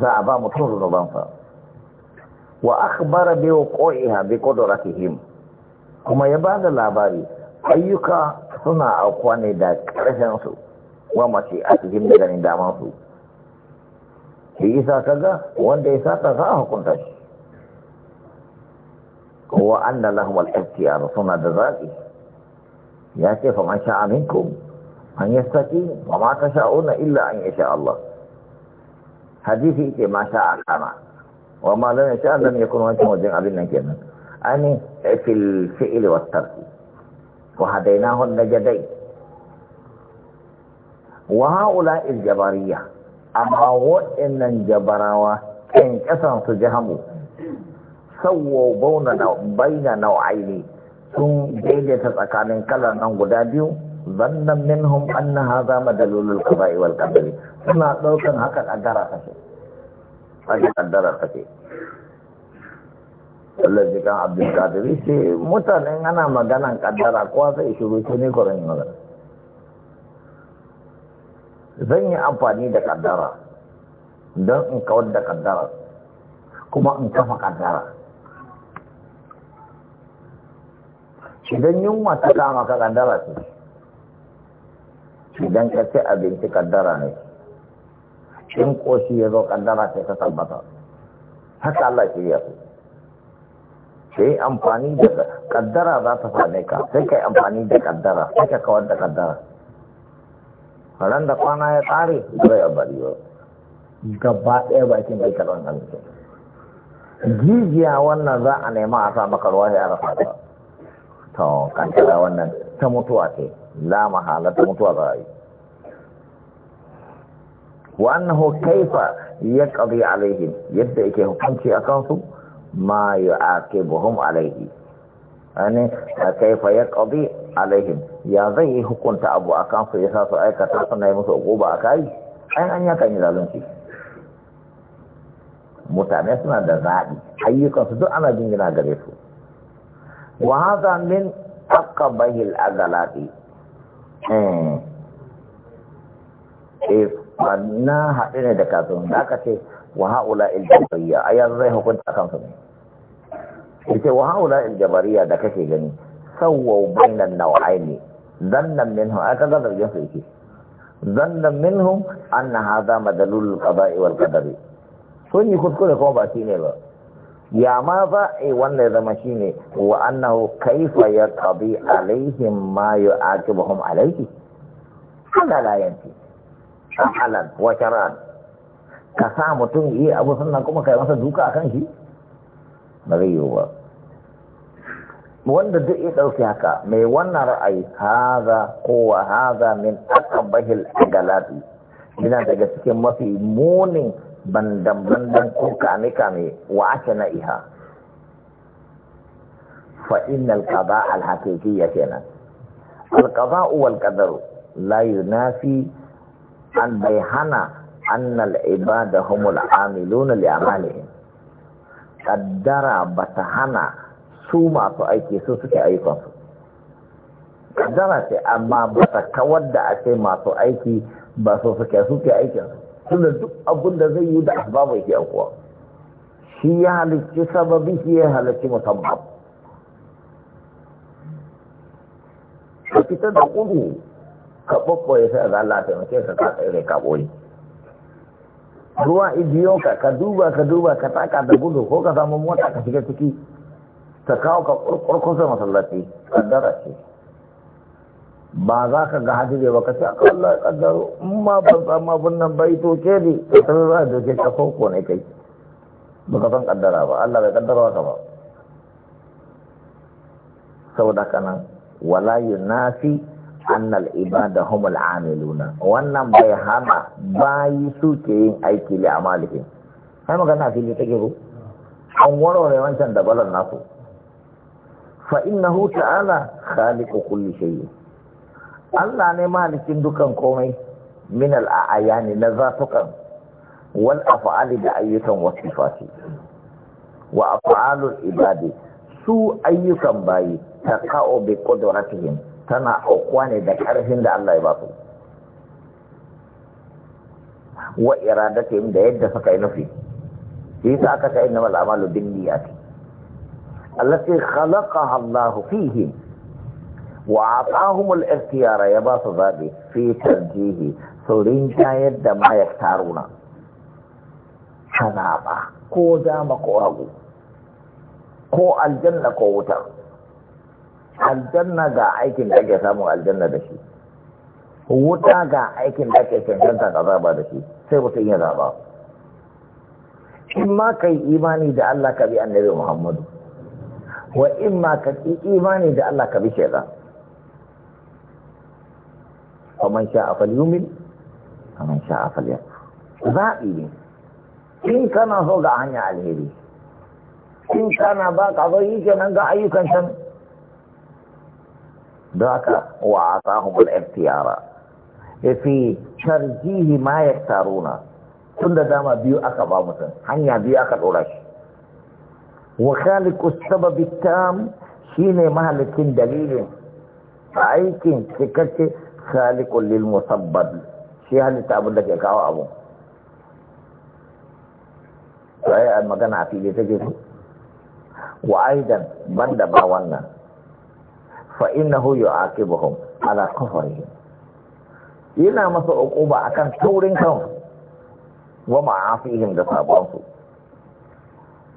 za a ba mutum fa? wa akhbara bi wuqi'iha bi qudratihim kuma ya bada labari ayyuka suna aukuwa ne da ƙarshensu wa mace a cikin da ganin damansu shi isa kaga wanda ya sata za a hukunta shi wa an da al-ikhtiyar suna da zaɓi ya ce fa man sha'a minkum an yastaki wa ma sha'una illa an sha Allah hadisi ce ma sha'a kama wa ma lam yasha ya kuma wajen abin nan kenan ani fil fi'li wat tarki Wa ha dai na honɗa jadai? Waha ula Ijabariya, amma wo'in nan Jabarawa yan ƙyasan su je hamu. Sauro bai na nau'auni sun jefe ta tsakanin kalan nan guda biyu. Zannan man homa, anna haza ma dalilu ka baiwa kamar yanzu. Suna ɗaukar hakan a dara sashe. Allah ji kan Abdul Qadir ce mutanen ana maganan kaddara kowa zai shiru sai ne kwarin magana zan yi amfani da kaddara don in kawar da kaddara kuma in kafa kaddara idan yunwa ta kama ka kaddara ce idan ka ce abinci kaddara ne in koshi ya zo kaddara ce ka tabbata haka Allah shirya su sai amfani da kaddara za ta same ka sai kai amfani da kaddara sai ka kawar da kaddara ran da kwana ya tsare zai ya bari ba gaba ɗaya bakin bai karɓar amince jijiya wannan za a nema a samu maka ruwa ya rafa ta to kaddara wannan ta mutuwa ce la mahala ta mutuwa za a yi Wannan annahu kaifa yaqdi alaihin yadda yake hukunci a kansu ma buhum alaihi wani a kaifa ya ƙabi alaihim ya zai yi hukunta abu a kansu ya sa su aikata suna yi musu uguba a kayi an an yakan yi zalunci mutane suna da zaɓi ayyukansu duk ana jingina gare su wa haza min bahil azalati eh na haɗe ne da kasu da aka ce wa ha'ula il jabariya yanzu zai hukunta kansu ne ita wa haula jabariya da kake gani sawwa bainan naw'aini zannan minhu aka ga zargin su yake zannan minhu anna hadha madalul qada'i wal qadari sun yi kuskure kuma ba shi ne ba ya ma za a wannan zama shi ne wa annahu kaifa ya qadi alaihim ma yu'aqibuhum alaihi hada la yanti halan wa karan ka sa mutum yi abu sannan kuma kai masa duka akan shi ba zai yiwu ba wanda duk ya ɗauki haka mai wannan ra'ayi haza kowa haza min akabahil agalati yana daga cikin mafi munin bandan-bandan ko kame-kame wa ake na iha fa'in alƙaba alhaƙiƙi ya kenan alƙaba uwal ƙadaru la yunafi an bai hana annal ibada humul amiluna li amalihi kaddara bata hana su masu aiki sun suke ayyukansu. kaddara ce amma ba kawar da ake masu aiki ba su suke suke aikinsu suna duk abin da zai yi da asbabu yake akuwa. shi ya halicci sababi shi ya halicci musamman ka fitar da kudu ka ɓaɓɓoye sai a zalata taimake ka ka tsere ka ruwa idiyoka ka ka duba ka duba ka taka da gudu ko ka samu mota ka shiga ciki ta kawo ka kurkusa masallaci kaddara ce ba za ka ga hadiri ba ka ce aka Allah ya kaddaro in ma ban samu abin nan bai toke ne ka san za ka doke ka ko ne kai ba ka san kaddara ba Allah bai kaddara ka ba saboda kanan wala yunafi annal ibada humul amiluna wannan bai hana bayi suke yin aiki li amalihi sai magana fili take ko an warware wancan da balan nasu fa innahu ta'ala khaliqu kulli shay Allah ne malikin dukan komai min al ayani na zatukan wal af'ali da ayyukan wasifati wa af'alul ibadi su ayyukan bayi taqa'u bi qudratihim tana aukuwa ne da ƙarfin da Allah ya ba su wa iradatin da yadda suka yi nufi shi yasa aka ta inna mal amalu bin niyyati allati khalaqaha Allahu fihi wa atahum al-ikhtiyar ya ba su zabi fi tarjihi so rin ta yadda ma ya taruna sana ba ko dama ko hagu ko aljanna ko wutar aljanna ga aikin da ake samun aljanna da shi wuta ga aikin da ake cancanta zaba da shi sai mutum ya zaba in ma ka yi imani da Allah ka bi annabi Muhammadu wa in ma ka yi imani da Allah ka bi shaida? shaitan faman sha'a man sha sha'a falyakfur zaɓi ne in kana so ga hanya alheri in kana ba ka zo yi kenan ga ayyukan can ذاك وعطاهم الاختيار في شرجيه ما يختارون تند داما بيو اكا بامتا حنيا بيو اكا دولاش وخالق السبب التام شين مهلك دليل فأيكين سكت خالق للمصبب شيها اللي تعبد لك يكاو أبو فأي المكان عفيدي تجد وأيضا بند ما fa innahu yu'aqibuhum ala kufrihim yana masa uquba akan taurin kan wa ma'afihim da sabon sabonsu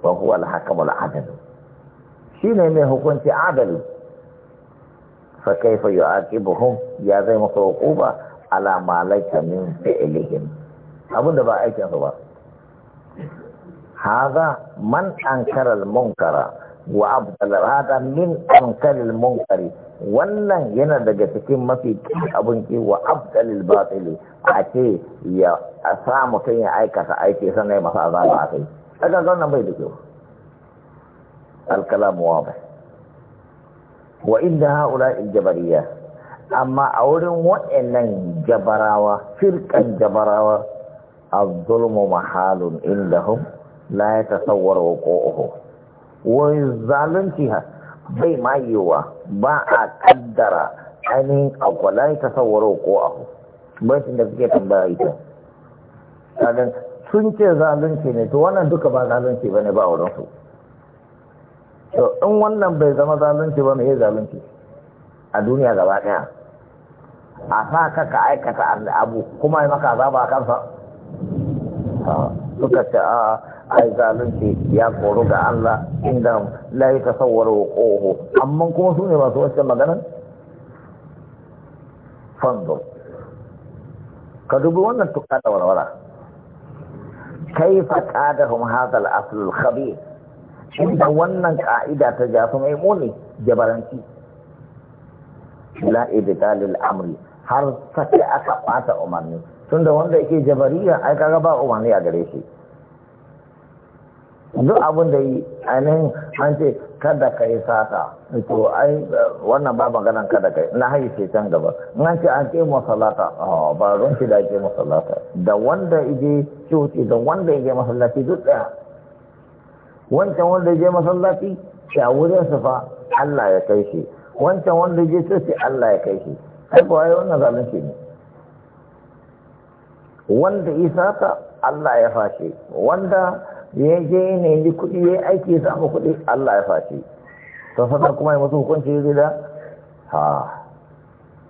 wa huwa al-hakamu al Shi shine mai hukunci adali fa kaifa yu'aqibuhum ya zai masa uquba ala ma laika min fi'lihim abinda ba aikin su ba hadha man ankara al-munkara wa abdal hada min ankalil munkari wannan yana daga cikin mafi abin ki wa abdalil batili a ce ya sa mutum ya aikata aiki sannan ya masa azaba a kai daga wannan bai da kyau alkalamu wa bai wa inda haula jabariya amma a wurin waɗannan jabarawa firkan jabarawa الظلم محال عندهم لا يتصور وقوعه wai zalunci ha bai ma yiwuwa ba a kaddara ainihin akwalai ta tasawaro ko abu bancin da suke tambaya ita kadan sun ce zalunci ne to wannan duka ba zalunci ba ne ba wurin su to in wannan bai zama zalunci ba me zalunci a duniya gaba daya a sa ka ka aikata abu kuma ya maka zaba kansa suka ce a ai zalunci ya koru ga Allah inda la ya tasawwara wuquhu amma kuma su ne masu wacce magana fando ka wannan tukka da warwara kaifa qadahum hadha al-asl al inda wannan ka'ida ta jafi mai muni jabaranci la ibdal amri har sake aka bata umarni tunda wanda yake jabariya ai kaga ba umarni a gare shi duk abin da yi ainihin an ce kada ka yi sata to ai wannan ba maganan kada ka yi na haifi ce can gaba in an ce an ce masalata ba ruwan shi da ke masalata da wanda ije cuti, da wanda ije masallaci duk daya wancan wanda ije masallaci wurin su fa Allah ya kai shi wancan wanda ije cuti, Allah ya kai shi ai ba wai wannan zalunci ne wanda ta Allah ya fashe wanda ya je ne yi kuɗi ya aiki ya samu kuɗi Allah ya fashe to sannan kuma ya masu hukunci ya zida ha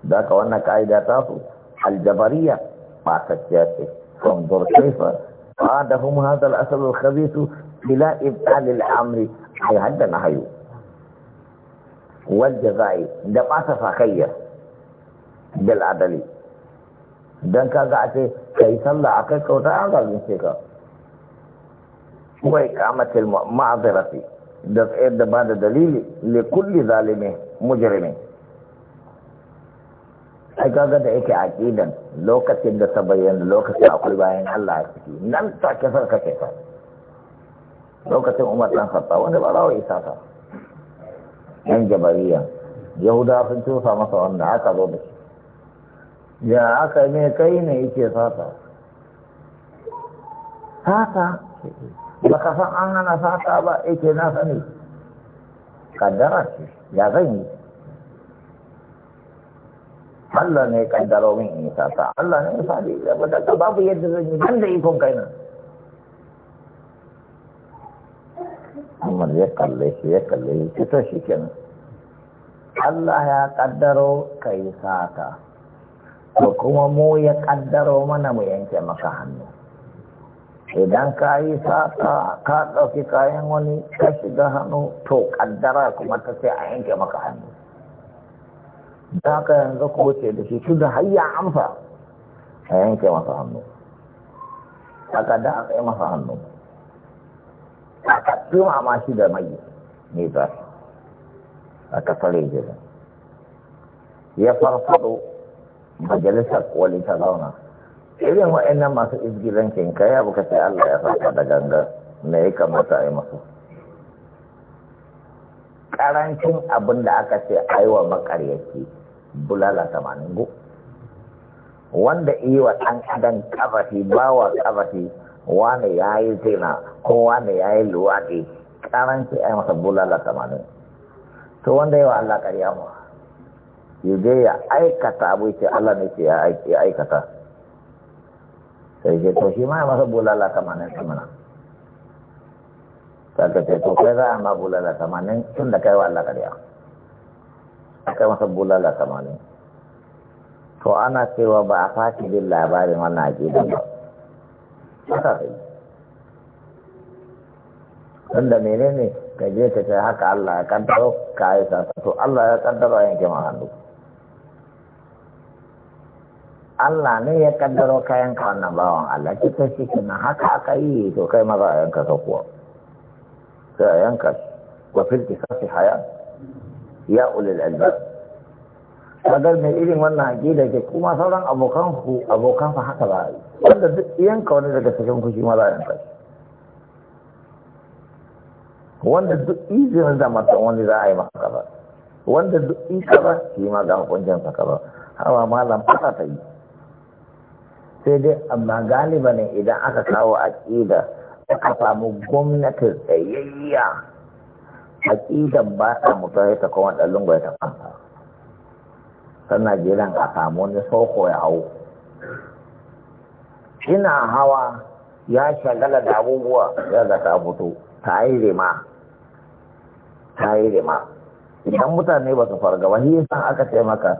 da ka wannan ka'ida ta su aljabariya ba ta ce fanzur kaifa ba da hum hadal asalul khabisu ila ibtalil amri yi hadda na hayo wal yi da ba ta fakayya bil adali dan ga a ce ka kai sallah kai kauta an zargin shekaru wa iqamatil ma'azirati da tsayar da ba da dalili li kulli zalimin mujrimin ai kaga da yake aƙidan. lokacin da ta bayyana lokacin akwai bayan Allah a ciki nan ta ke sarka ke ta lokacin Umar dan Khattab wanda ba rawa isa ta yan jabariya yahuda sun tufa masa wanda aka zo da shi ya aka ne kai ne yake sata sata ba ka san an hana sata ba yake eh, na sani kaddara ce ya zan yi Allah ne kaddaro min in sata Allah ne ya sani da babu yadda zan yi ban da ikon kai nan Muhammad ya kalle shi ya kalle shi ce shi kenan Allah ya kaddaro kai sata to kuma mu ya kaddaro mana mu yanke maka hannu idan ka yi sata ka ɗauki kayan wani ka shiga hannu to kaddara kuma ta sai a yanke maka hannu da haka yanzu ku wuce da shi su da har ya amsa a yanke masa hannu aka da a tsaye masa hannu a kaddu ma shi da mai ne ba a kasare jirin ya farfado majalisar koli ta zauna irin wa'annan masu izgilancin kai, ya buka sai Allah ya fata da ganga me ya kamata a yi masu karancin abin da aka ce aiwa makaryaki bulala tamanin go wanda iya wa ɗan adam ba bawa kafafi wani ya yi zina ko wani ya yi luwaɗi karanci a yi masa bulala tamanin to wanda yawa Allah ƙarya mu ya je ya aikata abu ce Allah ne ce ya aikata sai ke to shi ma masa bulala tamanin samana kaga ce to kai za a ma bulala tamanin tun da kai wa Allah kariya kai masa bulala tamanin to ana cewa ba a fashi bin labarin wannan gidan ba haka sai tunda menene ka je ka ce haka Allah ya kaddaro ka yi to Allah ya kaddaro yanke ma hannu Allah ne ya kaddaro kayan ka wannan bawan Allah ki ta shi kina haka aka yi to kai maza a yanka ka kuwa sai a yanka wa fil kisasi haya ya ulil albab kagar mai irin wannan aqida ke kuma sauran abokan ku abokan fa haka ba wanda duk yanka wani daga cikin ku shi maza a yanka wanda duk izinin da mata wani za a yi maka ba wanda duk isa ba shi ma ga hukuncin ka ba hawa malam fata ta yi sai dai amma galiba ne idan aka kawo aƙida aka samu gwamnatin tsayayya aƙidan ba a mutu ya ta kowa ɗan lungu ya ta fanta sannan jiran a samu wani soko ya hau ina hawa ya shagala da abubuwa ya ga ta fito ta yi rima ta yi rima idan mutane ba su fargaba shi yasa aka taimaka maka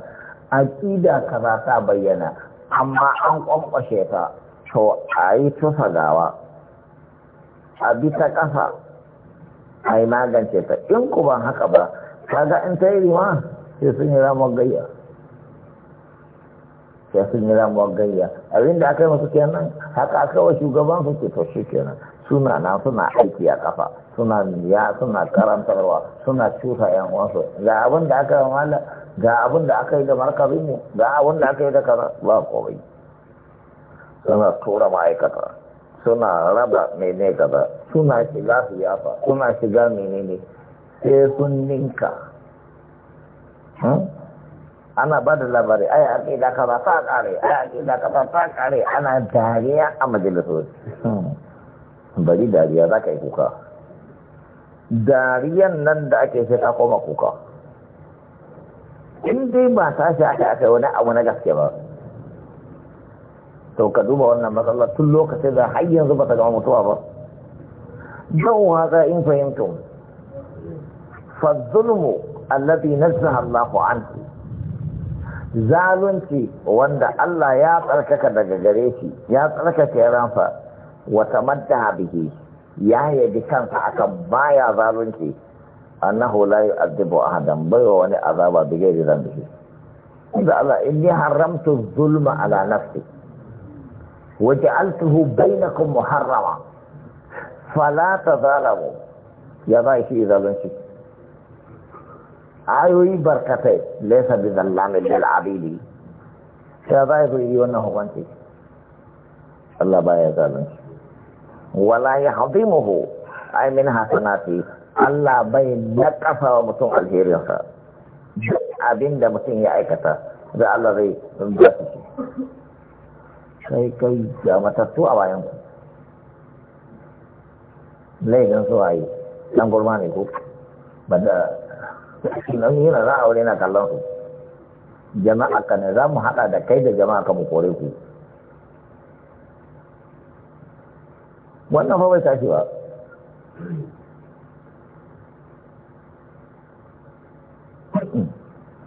aƙida kaza ta bayyana amma an kwankwashe ta to a yi tusa gawa a bi ta ƙasa a yi magance ta in ku ban haka ba ta ga in ta yi rima sai sun yi ramuwar gayya sai sun yi ramuwar gayya abinda aka yi masu kenan haka aka wa shugaban su ke to shi kenan suna na suna aiki a kafa suna ya suna karantarwa suna cusa yan wasu ga abin da aka yi mala ga abin da aka yi da markabin mu ga abin da aka yi da kaza ba komai suna tura ma'aikata suna raba mene kaza suna shiga yafa suna shiga menene sai sun ninka hmm? ana ba da labari ai aƙida kaza ta ƙare ai aƙida kaza ta ƙare ana dariya a majalisoci hmm. bari dariya za ka yi kuka dariyan nan da ake sai ta koma kuka in dai ba ta shi aka aka wani abu na gaske ba to ka duba wannan matsalar tun lokacin da har yanzu ba ta gama mutuwa ba don waka in fahimtum zulmu allazi nazzaha Allahu anhu zalunci wanda Allah ya tsarkaka daga gare shi ya tsarkake ransa wata madda bihi ya yabi kansa akan baya zalunci annahu la yu'adhibu ahadan bai wa wani azaba bi ghairi dhanbihi inda Allah inni haramtu zulma ala nafsi wa ja'altuhu bainakum muharrama fala tazalamu ya zai shi zalunci ayoyi barkatai laysa bi zallamin lil abidi sai zai yi wannan hukunci Allah baya zalunci wala ya hadimuhu ai min hasanati Allah bai nakafa wa mutum alherinsa abin da mutum ya aikata da Allah zai ba su sai kai ga matattu a bayan ku laifin su yi. dan gurma ne ku. ba da nan yana za a aure na kallon su jama'a ka ne za mu haɗa da kai da jama'a ka mu kore ku wannan fa bai tashi ba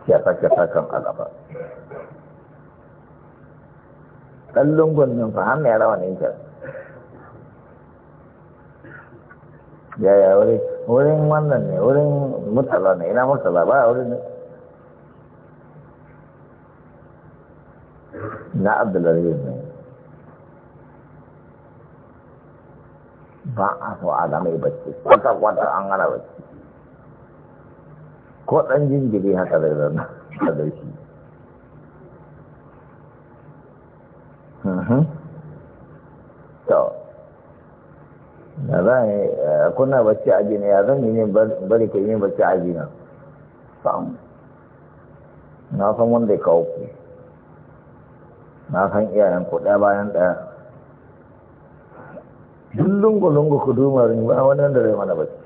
kyata-kyata kan alaba kallon lungun nan fa hannun ya rawa ne ya yaya wurin wannan ne wurin mutala ne ina mutala ba wurin ne na abdullahi ne ba a so a ga mai bacci kwata kwata an hana bacci ko dan jinjiri haka da zan da shi mhm. to da za a eh, kuna bacci a jini ya zan yi ne bari ka yi bacci a jini sam na san wanda ya kawo ku na san iyayen ku ɗaya bayan ɗaya duk lungu-lungu ku duma rin ba wani wanda zai mana bacci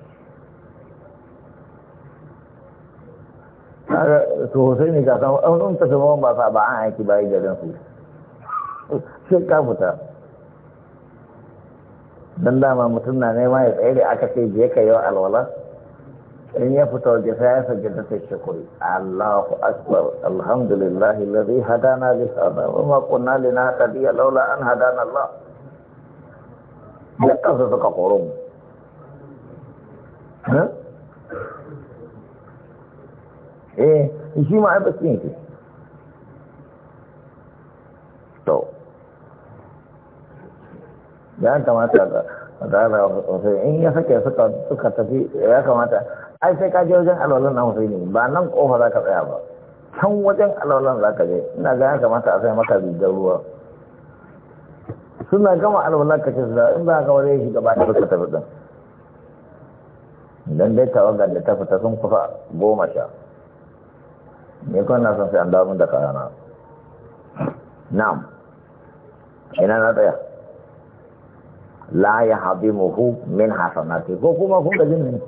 to sai ne ka samu an ta su ba sa ba an aiki bayi garin su sai ka fita don dama mutum na nema ya tsaye da aka sai je ka yau alwala in ya fita waje sai ya sake da sai shakuri Allahu akbar alhamdulillahi alladhi hadana li hada wa ma kunna linahtadiya laula an hadana Allah da kansa suka koro mu eh shi ma aibasi yake to ya kamata da rara sosai in ya sake suka tafi ya kamata ai sai ka je wajen alwalan na ne ba nan kofa za ka tsaya ba can wajen alwalan za ka je ina ga ya kamata a sai maka rigar ruwa suna gama alwala ka da in ba ka wani ya shiga ba da ka tafi din don dai tawagar da ta fita sun kusa goma sha ne kuma na san sai an damun da kayana Nam, ina na tsaya la ya haɗe muhu min hasanati ko kuma kun gajin ne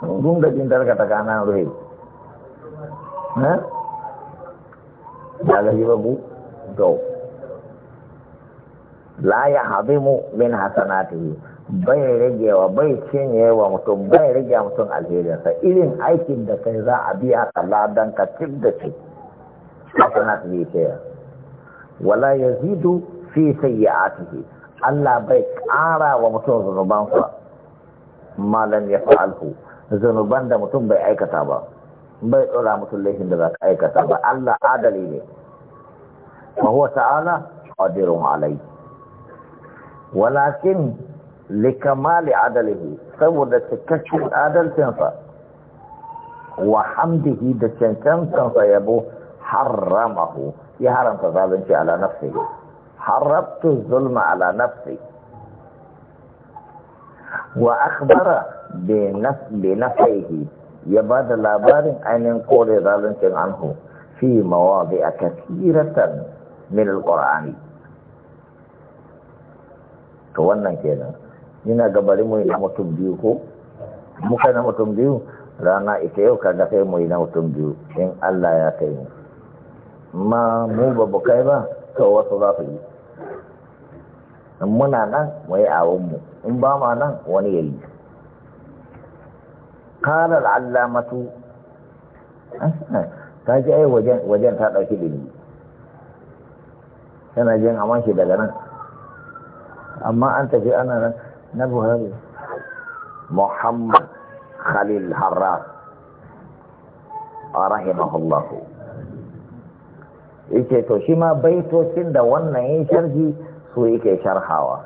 kun gajin tarkata kanan ruhe ha? ya gaji ba ku? la ya mu min yi. bai rage wa bai cinye wa mutum bai rage mutum alherinsa irin aikin da kai za a biya ka ladan ka cik da cik hasanatihi ke wala yazidu fi sayyi'atihi Allah bai ƙara wa mutum zunubansa malam ya fa'alhu zunuban da mutum bai aikata ba bai tsora mutum laifin da za ka aikata ba Allah adali ne wa huwa ta'ala qadirun alayhi ولكن لكمال عدله سوى تكشف عدل تنفى وحمده دكان تنفى يبو حرمه يحرم تظالمك على نفسه حرمت الظلم على نفسي واخبر بنف... بنفعه يباد الابار ان ينقل ظالمك عنه في مواضع كثيره من القران to wannan kenan ina gabarin mu na mutum biyu ko muka na mutum biyu rana ita yau kaga sai mu na mutum biyu in Allah ya kai mu ma mu ba kai ba to wasu za su yi muna nan mu yi awon mu in ba ma nan wani ya yi kalar matu. [laughs] ta ji ai wajen ta ɗauki dalili yana jin aman shi daga nan أما أنت في أنا نبو هذا محمد خليل هراب رحمه الله يكي توشيما بيتو سند وانا يشرحي سو يكي شرحاوا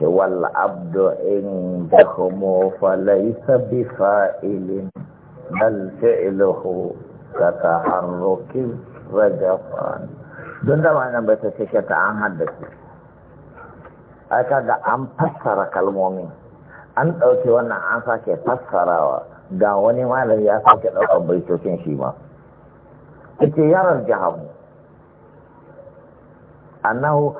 والعبد إن دخمو فليس بفائل بل فعله كتحرك رجفان دون دا بيتو سيكي تعان حدث ai kaga an fassara kalmomin an ɗauke wannan an sake fassarawa ga wani malami ya sake ɗaukar baitocin shi ma ita yaran jahamu annahu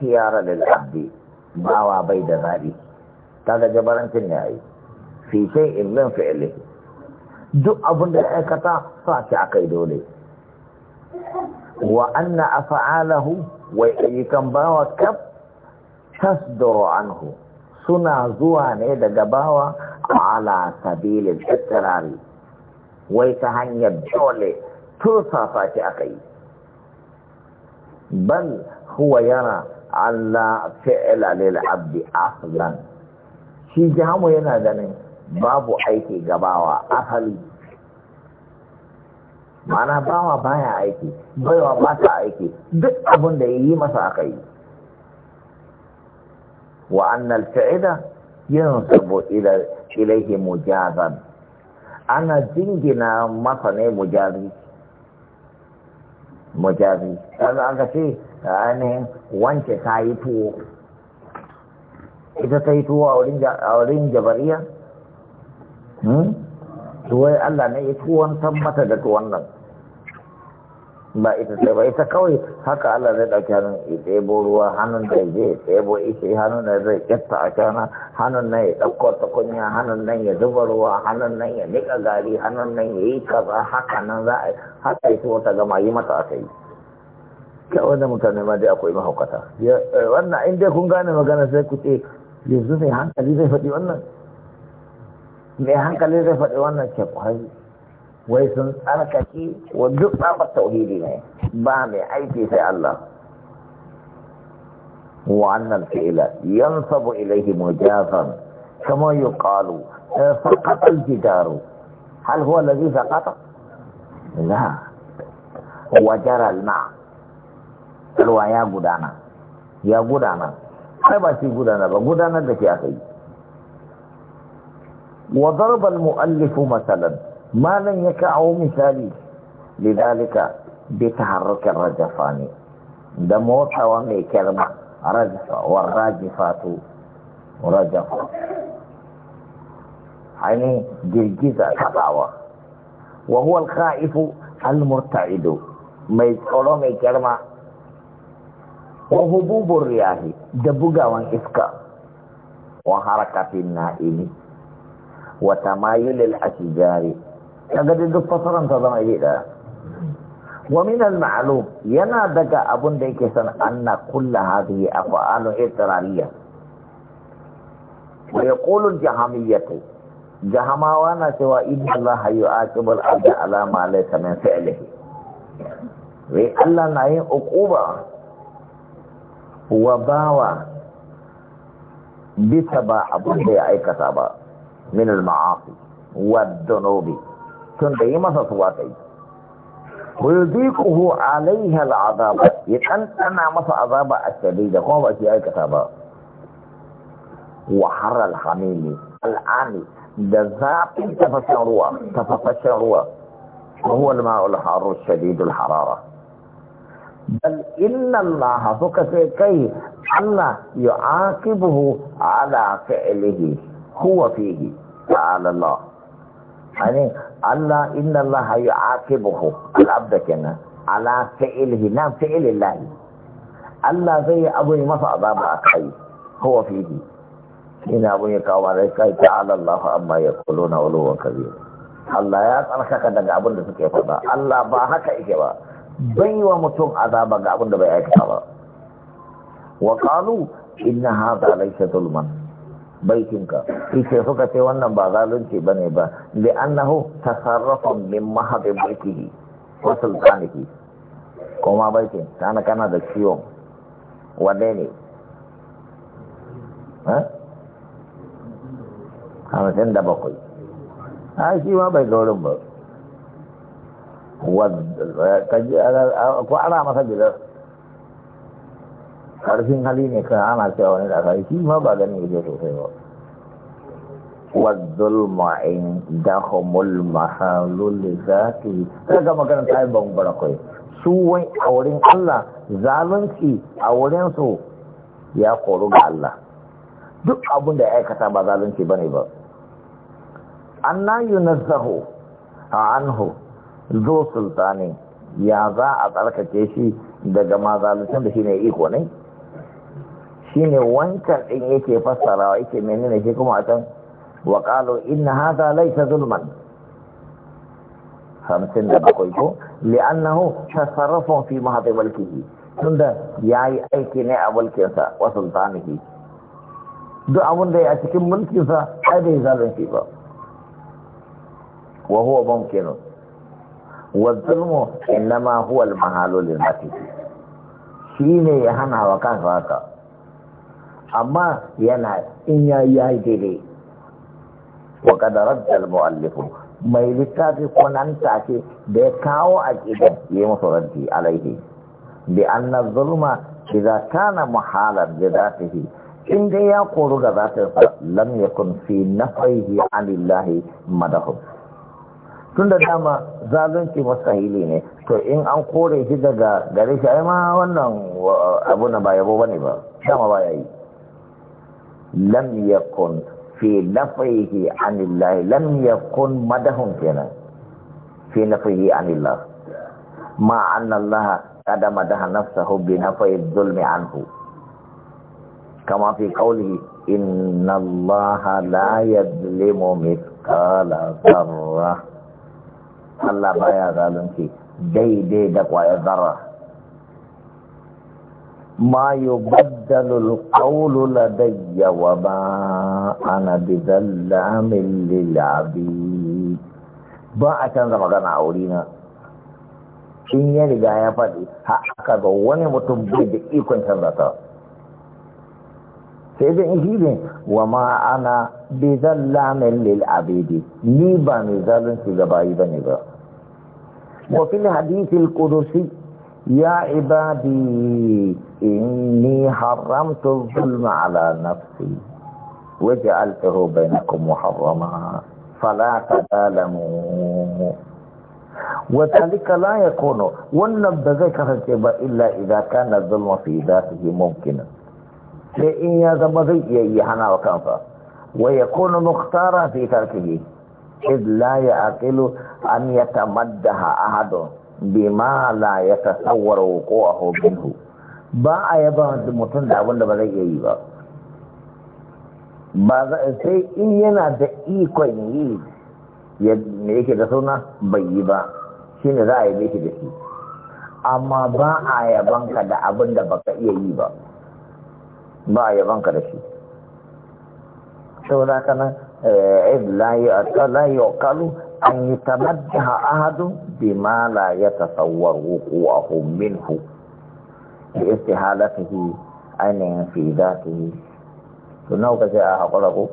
yara lil abdi bawa bai da zaɓi Ta da jabarancin ne yayi fi in min fi'ili duk abin da ya aikata sa a kai dole wa anna af'alahu wa ayyukan bawa kaf tasdoro anhu suna zuwa ne daga bawa ala sabilin tattarari wai ta hanyar dole turfafa shi aka yi Ban huwa yana Allah fi'ila lil abdi aslan shi jamu yana ganin babu aiki gabawa asali mana bawa baya aiki baiwa ba ta aiki duk abin da ya yi masa aka yi wa annal fa'ida yansabu ila ilayhi mujazan ana jingina masa ne mujazi mujazi kaga aka ce ainihin wance ta yi tuwo ita ta yi tuwo a wurin jabariya hmm? tuwai Allah ne ya tuwon tabbata da tuwon nan ba ita ce ba ita kawai haka Allah zai ɗauki hannun ya tsebo ruwa hannun da je ya tsebo ishe hannun da zai ƙetta a kana hannun nan ya ɗauko kunya hannun nan ya zuba ruwa hannun nan ya niƙa gari hannun nan ya yi kaza haka nan za a yi haka ya wata gama yi mata aka yi kawai da mutane ma dai akwai mahaukata eh, wannan in dai kun gane magana sai ku ce yanzu mai hankali zai faɗi wannan mai hankali zai faɗi wannan ke kwari. wai sun tsarkake wa duk tsabar tauhidi ne ba mai aiki sai Allah wa annal fi'ila yansabu ilayhi mujazan kama yuqalu saqata al-jidaru hal huwa alladhi saqata la wa jara al-ma ruwa ya gudana ya gudana sai ba shi gudana ba gudanar da shi aka yi wa darba al-mu'allifu masalan malam ya kawo misali lidalika bi taharrukin rajafa ne da motsawa mai kyarma rajafa wa rajifatu rajafa ainihin girgiza kasawa wa huwa al-kha'ifu al-murta'idu mai tsoro mai kyarma wa hububur riyahi da bugawan iska wa harakatin na'imi wa tamayulil ashjari kaga dai duk fasaran ta zama ida wa min al ma'lum yana daga abun da yake san anna kullu hadhihi af'alu itrariyah wa yaqulu al jahamiyyah jahamawa na cewa inna allaha yu'aqibul abda ala ma laysa min fi'lihi wai Allah na yin uquba wa bawa bisa ba abun da ya aikata ba min al ma'asi wa dhunubi tun da yi masa ويذيقه عليها العذاب يتن أنا مس عذاب الشديد قوم أشياء كتابة وحر الحميم الآن دذاب تفسروا تفسروا وهو الماء الحار الشديد الحرارة بل إن الله فكسي كي الله يعاقبه على فعله هو فيه تعالى الله يعني Allah inna Allah ya aqibuhu al-abda kenan ala fi'lihi na fi'lillahi Allah zai abu ne masa azaba ka'i huwa fihi ina abu ya kawo rai kai ta'ala Allah amma yaquluna uluwan kabir Allah ya tsarkaka daga abin da suke faɗa Allah ba haka yake ba bai wa mutum azaba ga abin da bai aikata ba wa qalu inna hadha laysa zulman baitinka sai suka ce wannan ba zalunci bane ba li annahu tasarrafun min mahadi baitihi wa sultanihi kuma baitin kana kana da ciwon wanne ne ha hamsin da bakwai a shi ma bai gaurin ba ko ana masa bilar Karfin hali ne kan ana cewa wani da kai shi ma ba gani yake sosai ba ma'in da dahumul mahalul zati daga maganar ta yi bambara kai su wai a wurin Allah zalunci a wurin su ya koru ga Allah duk abin da ya aikata ba zalunci bane ba anna yunazzahu anhu zo sultani ya za a tsarkake shi daga ma zalunci da shine iko ne shine wancan din yake fassarawa yake menene shi kuma a can wa qalu inna hadha laysa zulman bakwai ko li'annahu tasarrafa fi mahdi mulkihi tunda yayi aiki ne a sa wa sultanihi duk abin da ya cikin mulkinsa ai bai zalunci ba wa huwa mumkinun wa zulmu innama huwa al-mahalu lil shi ne ya hana wa kan haka amma yana in ya yi daidai wa kadarar da mu'allifu mai littafi nan take da ya kawo a ƙidan ya yi musu raddi alaihi bi anna zulma idza kana muhalan bi zatihi in dai ya koru ga zatin sa lam yakun fi nafaihi anillahi madahu tun da dama zalunci masahili ne to in an kore shi daga gare shi ai ma wannan abu na ba yabo bane ba dama ba yayi lam yakun fi lafaihi anillah lam yakun madahun kenan fi lafaihi anillah ma anna Allah kada madaha nafsahu bi nafai zulmi anhu kama fi qawlihi inna Allah la yadlimu mithqala dharrah Allah baya zalunci daidai da kwayar zarra ما يبدل Ba لدي وما أنا بذلام للعبيد ba a canza magana a wurina in ya riga ya faɗi haka ga wani mutum bai da ikon canza ta sai zan shi wa ma'ana bai zalla min lil abidi ni ba mai zalunci ga bayi ba ne ba wa fil hadithil يا عبادي إني حرمت الظلم على نفسي وجعلته بينكم محرما فلا تظالموا وذلك لا يكون ولم بذلك فتبا إلا إذا كان الظلم في ذاته ممكنا لإن هذا مذيء يحنى وكفى ويكون مختارا في تركه إذ لا يعقل أن يتمدها أحد bima la ya tasawwar ko a hobinhu ba a yaba mutum da abin da ba zai iya yi ba ba sai in yana da ikon yi me yake da suna bai yi ba shi ne za a yi shi da shi amma ba a ka da abin da baka iya yi ba ba a ka da shi saboda haka nan ɛɛ layi ata layi o kalu anyi tama diha ahadu ma la ya tasa wariwo ko a ko min ko ɛ ɛ ti ha lati hi a yi na a kɔrɔ ko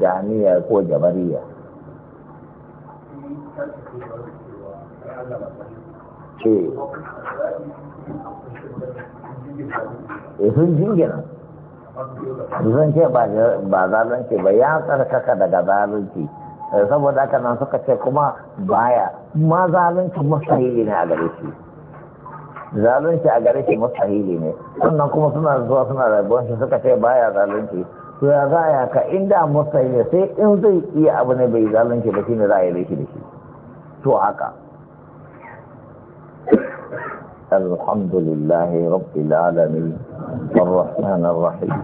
jami'a ko jabariya ce eh, sun jingina sun ce ba zalunci ba ya tsarkaka daga zalunci eh, saboda aka nan suka ce kuma baya ma zalunci yi ne a gare shi zalunci a gare shi mustahili ne sannan kuma suna zuwa suna rabuwan shi suka ce baya zalunci to ya za a in inda mustahili sai in zai iya abu ne bai zalunci ba shine za a yi laifi da shi to haka الحمد لله رب العالمين الرحمن الرحيم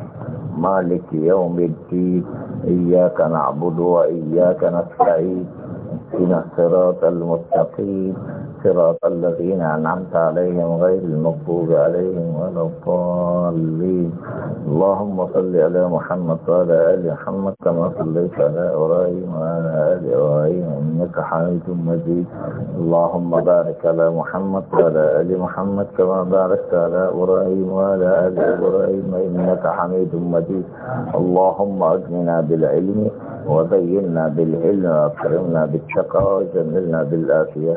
مالك يوم الدين إياك نعبد وإياك نستعين إن الصراط المستقيم صراط الذين أنعمت عليهم غير المغضوب عليهم ولا الضالين اللهم صل على محمد وعلى آل محمد كما صليت على إبراهيم وعلى آل إبراهيم إنك حميد مجيد اللهم بارك على محمد وعلى آل محمد كما باركت على إبراهيم وعلى آل إبراهيم إنك حميد مجيد اللهم أجننا بالعلم وزينا بالعلم وأكرمنا بالتقوى وجملنا بالآفية